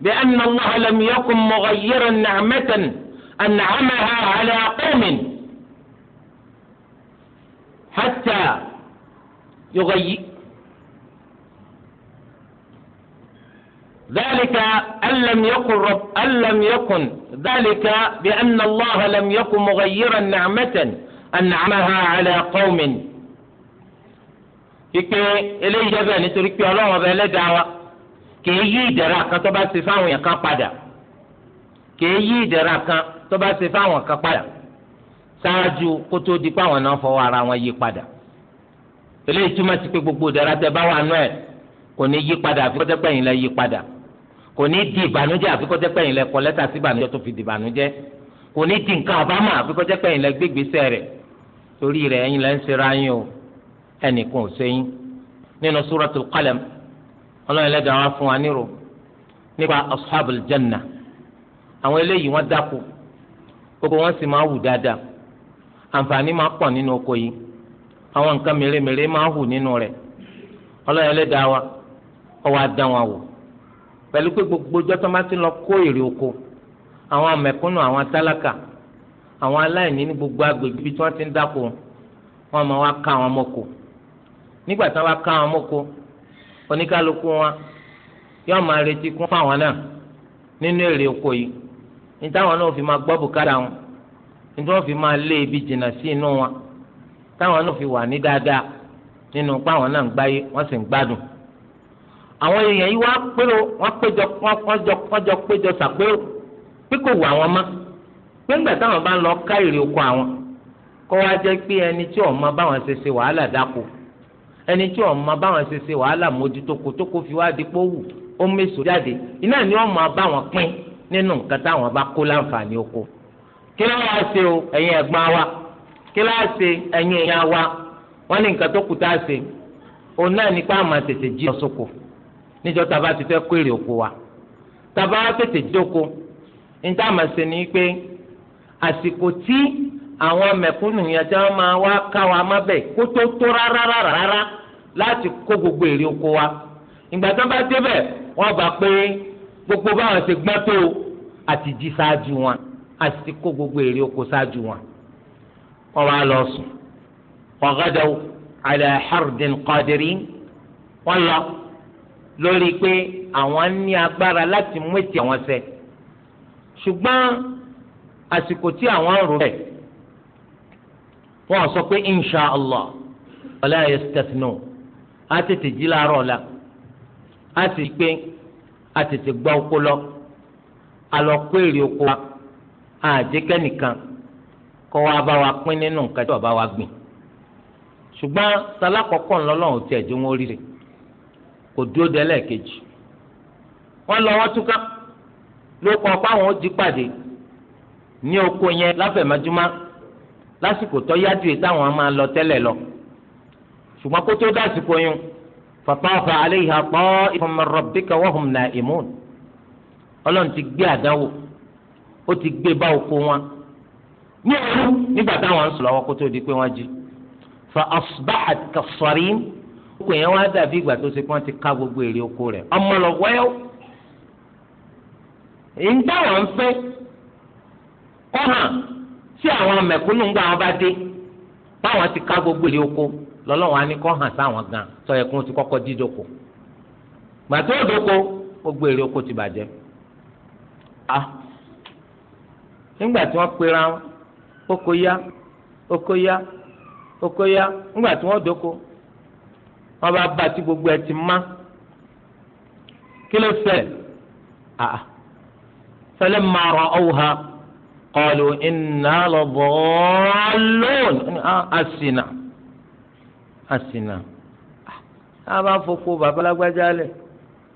بأن الله لم يكن مغيرا نعمة أنعمها على قوم حتى يغير ذلك أن لم يكن رب أن لم يكن ذلك بأن الله لم يكن مغيرا نعمة أنعمها على قوم kíkẹ́ eléyìí jẹ́ الله nítorí pé kìí yí ìdẹ̀ra kan tó bá ṣe fáwọn yẹn kan padà kìí yí ìdẹ̀ra kan tó bá ṣe fáwọn kan padà ṣáájú kó tó di pé àwọn náà fọwọ́ ara wọn yí padà eléyìí túmọ̀ sí pé gbogbo ìdẹ̀ra tẹ bá wà nú ẹ̀ kò ní yí padà àfi kọ́tẹ́ pẹ̀yìn lẹ yí padà kò ní di ìbànújẹ́ àfi kọ́tẹ́ pẹ̀yìn lẹ kọ lẹ́tà sí ìbànújẹ́ tó fi di ìbànújẹ́ kò ní di nǹkan àbámọ̀ àfi kọ́tẹ́ pẹ̀yìn lẹ gbégbèsè rẹ̀ torí rẹ̀ ẹ̀yin lẹ́ ń ṣe ráyìn o ẹnìkan ò sẹ́yìn nínú Suratul Qalam ọlọ́run ẹlẹ́dàá wọn fún wa nírò nípa ashabul janna àwọn eléyìí wọ́n dáko gbogbo wọn sì máa wù dáadáa àǹfààní máa pọ̀ nínú oko yìí àwọn nǹkan mèremère máa hù nínú rẹ̀ ọlọ́run ẹlẹ́dàá wa ọwọ́ adá wọn wò pẹ̀lú pé gbogbo ọjọ́ tó máa ti lọ kó èrè oko àwọn amẹ̀kúnnù àwọn tálákà àwọn aláìní ní gbogbo agbègbè bí tí wọ́n ti ń dáko wọn máa wá ká àwọn mọ́ko oníkálukú wọn yóò máa retí kún fáwọn náà nínú èrè oko yìí ní táwọn náà fi máa gbọ́ bùkátà wọn ní tí wọ́n fi máa lé ibi jìnnà sí inú wọn táwọn náà fi wà ní dáadáa nínú páwọn náà ń gbáyé wọ́n sì ń gbádùn àwọn èèyàn yìí wá pérò wọ́n péjọ wọ́n jọ wọ́n jọ péjọ sàpérò pé kò wù àwọn mọ́ pé ńgbà táwọn bá ń lọ ká èrè oko àwọn kó wá jẹ́ pé ẹni tí ọ̀ma báwọn ṣe ṣe wàhálà dáko ẹni tí ọmọ abawọn ṣe ṣe wàhálà mójútó kótókó fi wá di pówù ó mèso jáde iná ni ọmọ báwọn pín nínú nǹkan táwọn bá kó láǹfààní oko kí ló wá ṣe o ẹ̀yin wa kí ló ṣe wa ní nǹkan tó kù tá a ṣe òun náà nípa àmà tètè jí ọ̀ṣọ́kò níjọ́ tàbá ti oko wa taba tètè ní tá a máa ṣe ni pé àsìkò tí àwọn yẹn tí máa wá láti kó gbogbo èrè oko wa ìgbà tó bá débẹ̀ wọ́n bá pé gbogbo báwọn ṣe gbọ́n tó àti jí ṣáájú wọn àti ti kó gbogbo èrè oko ṣáájú wọn wọ́n wá lọ sùn wàgádàwó àlẹ hardin kọdìrín wọ́n lọ lórí pé àwọn ní agbára láti mú ètì àwọn ṣẹ ṣùgbọ́n àsìkò tí àwọn ń rò bẹ́ẹ̀ wọ́n sọ pé insha allah wala yastafnu á tètè jí láàárọ̀ la á sì pé á tètè gbọ́ oko lọ á lọ kó èrè oko wa á jẹ́ kẹ́nìkan kọ́ wa bá wa pín nínú nǹkan tí wọ́n bá wa gbìn ṣùgbọ́n sálákọ̀ọ́kọ́ ńlọ́lọ́run tiẹ̀ dín wọn ríre kò dúró délẹ̀ kejì wọ́n lọ túká ló kọ́ fáwọn ó jí pàdé ní oko yẹn láfẹ̀mẹ́júmá lásìkò tó yájú èyí táwọn máa lọ tẹ́lẹ̀ lọ ṣùgbọ́n kó tó dásìkò yín fatafa alayha ta'ifun min rabbika wa hum na'imun ọlọ́run ti gbé àdánwò ó ti gbé bá oko wọn ní ẹrú nígbà táwọn ń sọ̀rọ̀ wọn kó tó di pé wọ́n jí fa asbahat kasarim oko yẹn wá dàbí ìgbà tó ṣe pé wọ́n ti ká gbogbo èrè oko rẹ̀ ọmọ lọ wẹ́ẹ́wò ń táwọn fẹ́ kọ́ hàn sí àwọn mẹ̀kúnnù ńgbà wọn bá dé báwọn ti ká gbogbo èrè oko lọ́lọ́wọ́ á ní kọ́ hàn sáwọn gan sọ yẹ ti kọ́kọ́ dídoko gbàtí ó doko ó gbé oko ti bàjẹ́ a nígbà tí wọ́n pera wọn oko ya oko ya oko ya nígbà tí wọ́n doko wọ́n bá tí gbogbo eti ti má a fẹlẹ́ máa rọ ọ̀hún ha qalu inna a sì náà. àsìnà tá ah, a bá fokó baba alágbájá lẹ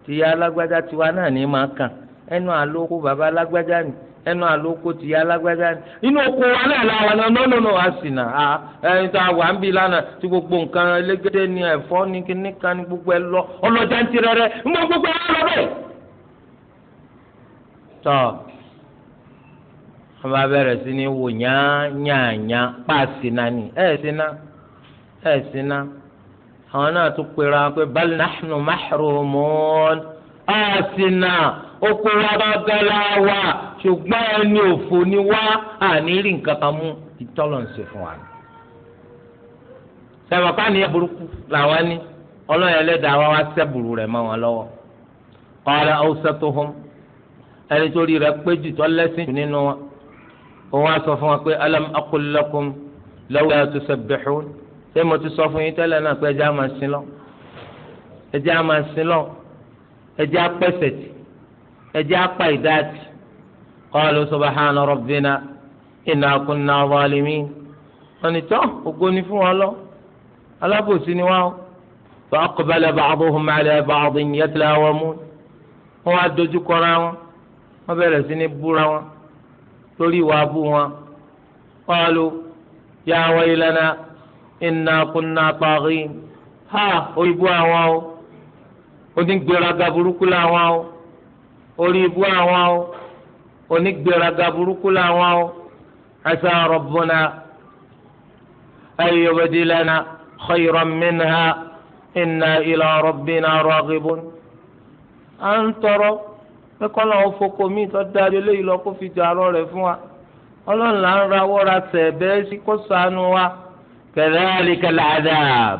tìyá alágbájá tiwa náà ní máa kàn ẹnu àlòkù baba alágbájá ni ẹnu àlòkù tìyá alágbájá ni inú oko wa náà làwọn náà nọ́ọ̀nù náà àsìnà ẹni tó àwọn àǹbí lánàá tí gbogbo nǹkan elégédé ni ẹ̀fọ́ ni kíní kan gbogbo ẹ lọ ọlọ́jà ń tirẹ̀ rẹ̀ gbogbo ẹ lọ bẹ́ẹ̀. tọ́ bá bẹ̀rẹ̀ sí wò láìsí iná àwọn náà tún pera pé bal nahnu mahrumun àsìnà oko wa bá gala wa ṣùgbọ́n ẹni òfò ni wá àní nǹkan kan mú ìtọ́lọ̀ ń ṣe fún wa. ni burúkú làwọn ní ọlọ́run ẹlẹ́dàá wa wá sẹ́bùrù rẹ̀ mọ́ wọn lọ́wọ́. qala awsatuhum ẹni tó rí rẹ̀ pé jùtọ́ lẹ́sìn jù nínú wọn. òun á sọ fún wa pé alam ṣé mo ti sọ fún yín tẹ́lẹ̀ náà pé ẹjẹ́ á máa sin lọ ẹjẹ́ á máa sin lọ ẹjẹ́ á pẹ̀sẹ̀ tì ẹjẹ́ á pa ìdá tì qalu subhana rabbina inna kunna zalimin ọ̀nìtọ́ ògo ni fún wọn lọ alábòsí ni wọn fa aqbala ba'duhum ala ba'din yatlawamun wọn wá dojú kọra wọn bẹ̀rẹ̀ inna kunna taghin ha orí ibú àwọn o onígbéraga burúkú làwọn o orí ibú àwọn o onígbéraga burúkú làwọn o asa rabbuna ayyubdilana khayran minha inna ila rabbina raghibun à ń tọrọ pé kọ́nà òfoko mi tó dájú léyìí lọ kó fi jọ àárọ̀ rẹ̀ fún wa ọlọ́run là ń rawọ́ ra sẹ̀bẹ́ sí kó ṣàánú wa kadhalika al-adhab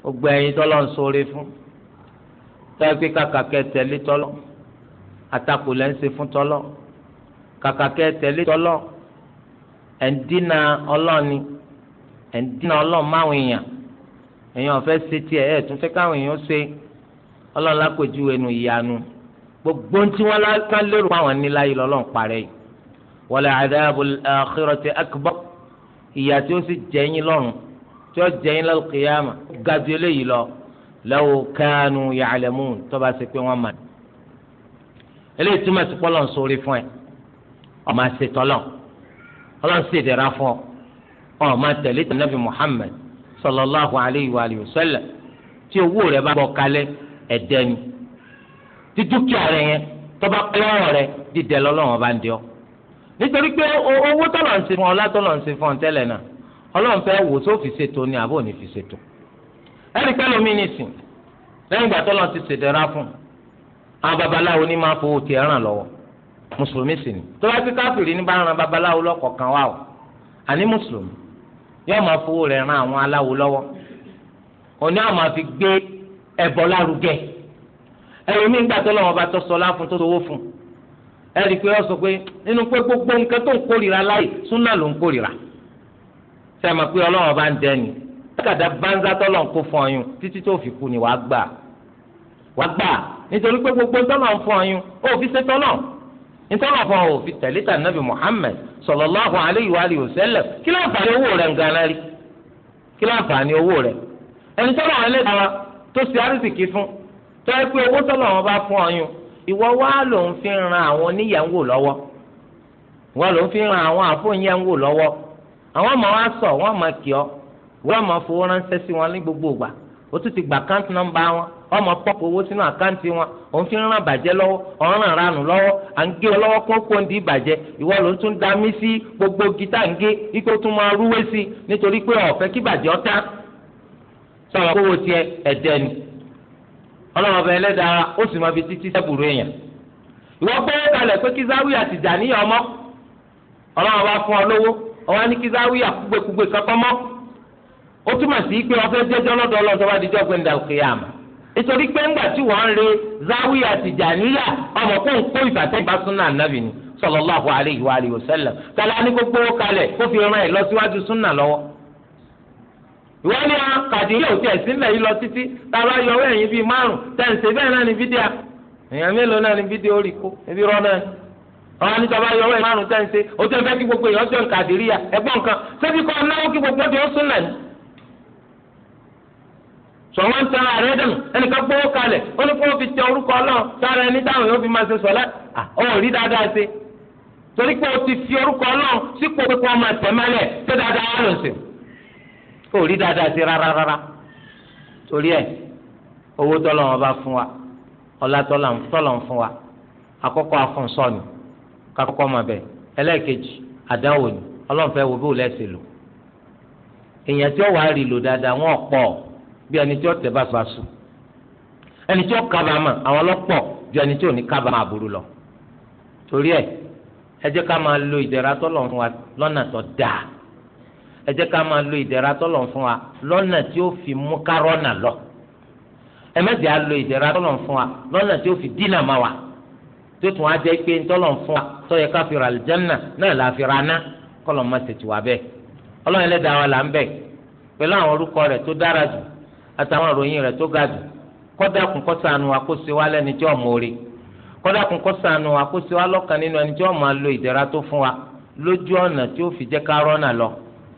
gbogbo ẹ̀yin tọ́lọ̀ ń sọ̀rọ̀ fún tọ́wọ́ pé kàkà kẹ́ tẹ̀lé tọ́lọ̀ àtakò lẹ́ ń ṣe fún tọ́lọ̀ kàkà kẹ́ tẹ̀lé tọ́lọ̀ ẹ̀ńdínà ọlọ́ọ̀ni ẹ̀ńdínà ọlọ́ọ̀máwìn èèyàn èèyàn ọ̀fẹ́ ṣe tiẹ̀ ẹ̀ tún fẹ́ káwọn èèyàn ṣe ọlọ́ọ̀lá pèjú ẹnu ìyanu gbogbo tí wọ́n lérò fáwọn níláyìí lọ́lọ́ọ̀ ìyà tí ó sì jẹyìn lọ́rùn tí ó jẹyìn lálùkìyàmà gàdú eléyìí lọ law kanu ya'lamun tó bá ṣe pé wọ́n mọ̀ ní. eléyìí túmọ̀ sí pọ́lọ̀ ń sórí fún ẹ ọmọ àṣetọ́lọ̀ ọlọ́run sì dẹ̀ra fún ọ ọmọ tẹ̀lé tẹ̀lé Muhammad sallallahu alayhi wa sallam tí owó rẹ̀ bá bọ̀ kalẹ̀ ẹ̀dẹ́ni tí dúkìá yẹn tó bá pẹ́ dídẹ lọ́lọ́run ọba ń dẹ́ ọ nítorí pé owó tọ́lọ̀ ń ṣe fún ọ látọ̀lọ̀ ń ṣe fún ọ tẹ́lẹ̀ náà ọlọ́run fẹ́ wò tó fi ṣètò ni àbò ní fi ṣètò ẹnì pẹ́ lómi nìsín lẹ́yìn ìgbà tọ́lọ̀ ti ṣèdẹ́ra fún àwọn babaláwo ní máa fowó tiẹ̀ ràn lọ́wọ́ mùsùlùmí sì ni tó bá ti káfìrí ní bá ran babaláwo lọ́kọ̀ọ̀kan wà o àní mùsùlùmí yóò máa fowó rẹ̀ ran àwọn aláwo lọ́wọ́ òní àwọn máa fi gbé ẹbọ lárugẹ ẹlòmíín gbà tọ́lọ̀ wọn bá tọ́ sọlá fún tó sowó fún un ẹ̀rí pé ọ sọ pé nínú pé gbogbo nǹkan tó ń kórìíra láyè súnà ló ń kórìíra sẹ́mi pé ọlọ́run bá ń dẹ́ni lákàtà bánzá tọ́lọ̀ ń kó fún ọyún títí tó fi kú ni wàá gbà wàá gbà nítorí pé gbogbo tọ́lọ̀ ń fún ọyún ó fi ṣe tọ́lọ̀ nítorí fún ọ fi tẹ̀lé tà nàbì Muhammad sallallahu alayhi wa alihi wa sallam kí láǹfààní owó rẹ̀ ń ganan rí kí láǹfààní owó rẹ̀ ẹni tọ́lọ̀ wọn lé dára tó ṣe àrísìkí fún tọ́ pé owó tọ́lọ̀ wọn bá fún ọyún ìwọ wá ló ń fi ran àwọn oníyẹ̀wò lọ́wọ́ ìwọ ló ń fi ran àwọn àfọ̀nyẹ̀wò lọ́wọ́ àwọn ọmọ wa sọ wọn ọmọ kì ọ wọn máa fowó ránṣẹ́ sí wọn ní gbogbo ìgbà o tún ti gba àkáǹtì nọmba wọn ọmọ pọ́pọ̀ owó sínú àkáǹtì wọn òun fi ran bàjẹ́ lọ́wọ́ ọ̀ràn ranù lọ́wọ́ à ń gé lọ́wọ́ kó kó ń gbogbo gita ń gé ikú tún máa rúwé sí nítorí ọlọ́run ọba ẹlẹ́dàá ó sì máa fi títí sẹ́bùrú èèyàn ìwọ gbé kalẹ̀ pé kizawi àti jàníyà ọmọ ọlọ́run ọba fún ọ lówó ọwọ́ ní kizawi àkúgbèkúgbè kankan mọ́ ó túmọ̀ sí pé ọfẹ́ jẹ́jọ́ lọ́dọ̀ ọlọ́run tó bá di jọ́gbé ní dàkúyàmù nítorí pé ńgbà tí wọ́n ń re ọmọ kó ń kó ìwọ ni a kàdíyà ò tiẹ̀ sílẹ̀ yìí lọ títí tába yọ owó ẹ̀yìn bíi márùn tẹ̀sí bẹ́ẹ̀ náà ni fídíà èèyàn mélòó náà ni fídíà ó rì kó ebi rọ náà àwọn ní tába yọ ẹ̀yìn márùn tẹ̀sí ó tẹ̀ fẹ́ kí gbogbo èèyàn jọ ẹgbọ́n nǹkan sẹ́bi kọ́ gbogbo di ni. tẹ ààrẹ dànù ẹnìkan kalẹ̀ ó ní kó fi tẹ orúkọ kò rí dáadáa sí rárá rárá torí ẹ̀ owó tọ́lọ̀ wọn bá fún wa ọlá tọ́lọ̀ ń fún wa àkọ́kọ́ afúnsọ́ni kakọ́kọ́ máa bẹ̀ ẹlẹ́ẹ̀kejì àdáwò ni ọlọ́run fẹ́ wo bí òun lẹ́sẹ̀ lò èèyàn tí ó wàá rí lò dáadáa wọn pọ̀ bí ẹni tí ó tẹ̀ bá sùn ẹni tí ó kábàámà àwọn ọlọ́pọ̀ ju ẹni tí ò ní kábàámà àbúrú lọ torí ẹ̀ ẹ jẹ́ ká máa lo ìdẹ̀ra tọ́lọ̀ fún ẹ jẹ́ ká máa lo ìdẹ̀ra tọ́lọ̀ fún wa lọ́nà tí ó fi mú kárọ́nà lọ ẹ má jẹ́ à lo ìdẹ̀ra tọ́lọ̀ fún wa lọ́nà tí ó fi dínà má wa tó tún á jẹ́ pé tọ́lọ̀ fún wa tó yẹ ká fi ra àlìjánà náà là á fi ra aná kọ́lọ̀ má tètè wá bẹ́ẹ̀ ọlọ́run ẹlẹ́dàá wa là ń bẹ̀ pẹ̀lú àwọn orúkọ rẹ̀ tó dára jù àtàwọn ìròyìn rẹ̀ tó ga jù kọ́dàkùn kọ́sànù wa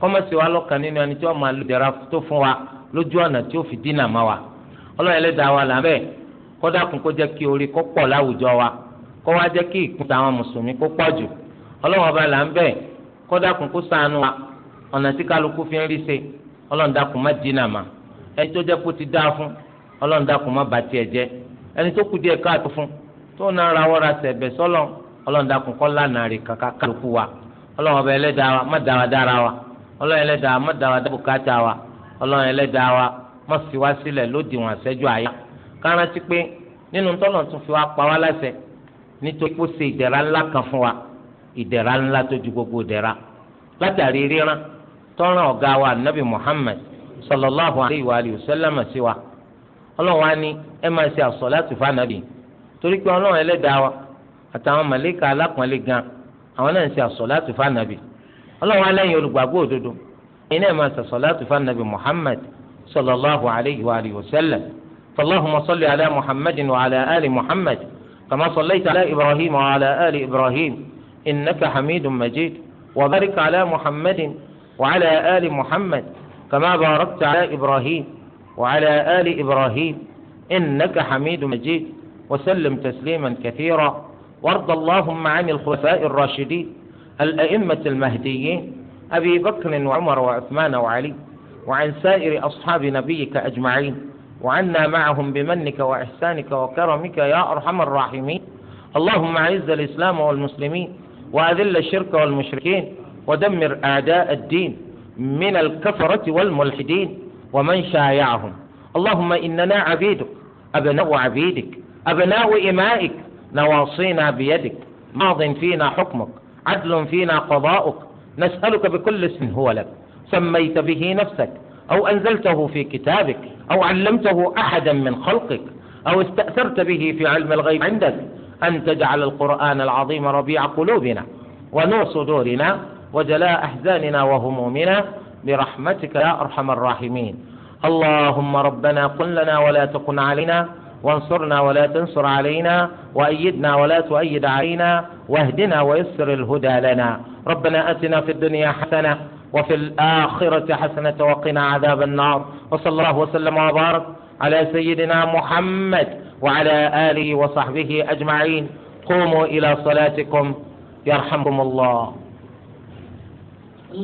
kọ́mọ̀sí wa lọ́kàn nínú ẹni tí wọ́n máa lo ìdẹ̀ra tó fún wa lójú ọ̀nà tí ó fi dínà má wa ọlọ́run ẹlẹ́dàá wa là bẹ́ẹ̀ kọ́dàkùn kó jẹ́ kí orí kó pọ̀ láwùjọ wa kó wá jẹ́ kí ìkúta àwọn mùsùlùmí kó pọ̀ jù ọlọ́run ọba là ń bẹ́ẹ̀ kọ́dàkùn kó ṣàánú wa ọ̀nà tí kálukú fi ń rí ṣe ọlọ́run dákun má dínà má ẹni tó jẹ́ kó ti dáa fún ọlọ́run má bà tiẹ̀ jẹ́ ẹni tó ọlọ́run ẹlẹ́dàá má dá wa dá bùkátà wa ọlọ́run ẹlẹ́dàá wa má fi wá sílẹ̀ lódì wọn àṣẹjú àyà kárántí pé nínú tọ́lọ̀ tún fi wá pa wá láṣẹ nítorí pé ó ṣe ìdẹ̀ra ńlá kan fún wa ìdẹ̀ra ńlá tó ju gbogbo ìdẹ̀ra látàrí ríran tọ́ran ọ̀gá wa nabi muhammed sallallahu alayhi wa sallam sí wa ọlọ́run wa ní ẹ máa ṣe àsàlátù fánàbì torí pé ọlọ́run ẹlẹ́dàá wa àtàwọn màlẹ́kà alápọ̀nlé gan àwọn náà ń ṣe àsàlátù fánàbì ọlọ́run alẹ́yìn olùgbàgbọ́ òdodo iná ẹ̀ máa ṣe sàlátù fún anabi muhammad sallallahu alayhi wa alayhi wa sallam fallahumma salli ala muhammadin wa alẹ́ ali muhammed kama sallaita ala ibrahim wa ala ali ibrahim innaka hamidu majid wa barik ala muhammed wa alẹ́ ali muhammed kama bàrọ́tà alẹ́ ibrahim wa alẹ́ ali ibrahim innaka hamidu majid wà وسلم تسليما كثيرا وارض اللهم عن الخلفاء الراشدين الأئمة المهديين أبي بكر وعمر وعثمان وعلي وعن سائر أصحاب نبيك أجمعين وعنا معهم بمنك وإحسانك وكرمك يا أرحم الراحمين اللهم أعز الإسلام والمسلمين وأذل الشرك والمشركين ودمر أعداء الدين من الكفرة والملحدين ومن شايعهم اللهم إننا عبيدك أبناء عبيدك أبناء إمائك نواصينا بيدك ماض فينا حكمك عدل فينا قضاؤك نسألك بكل اسم هو لك سميت به نفسك أو أنزلته في كتابك أو علمته أحدا من خلقك أو استأثرت به في علم الغيب عندك أن تجعل القرآن العظيم ربيع قلوبنا ونور صدورنا وجلاء أحزاننا وهمومنا برحمتك يا أرحم الراحمين اللهم ربنا قل لنا ولا تكن علينا وانصرنا ولا تنصر علينا وأيدنا ولا تؤيد علينا واهدنا ويسر الهدى لنا ربنا أتنا في الدنيا حسنة وفي الآخرة حسنة وقنا عذاب النار وصلى الله وسلم وبارك على سيدنا محمد وعلى آله وصحبه أجمعين قوموا إلى صلاتكم يرحمكم الله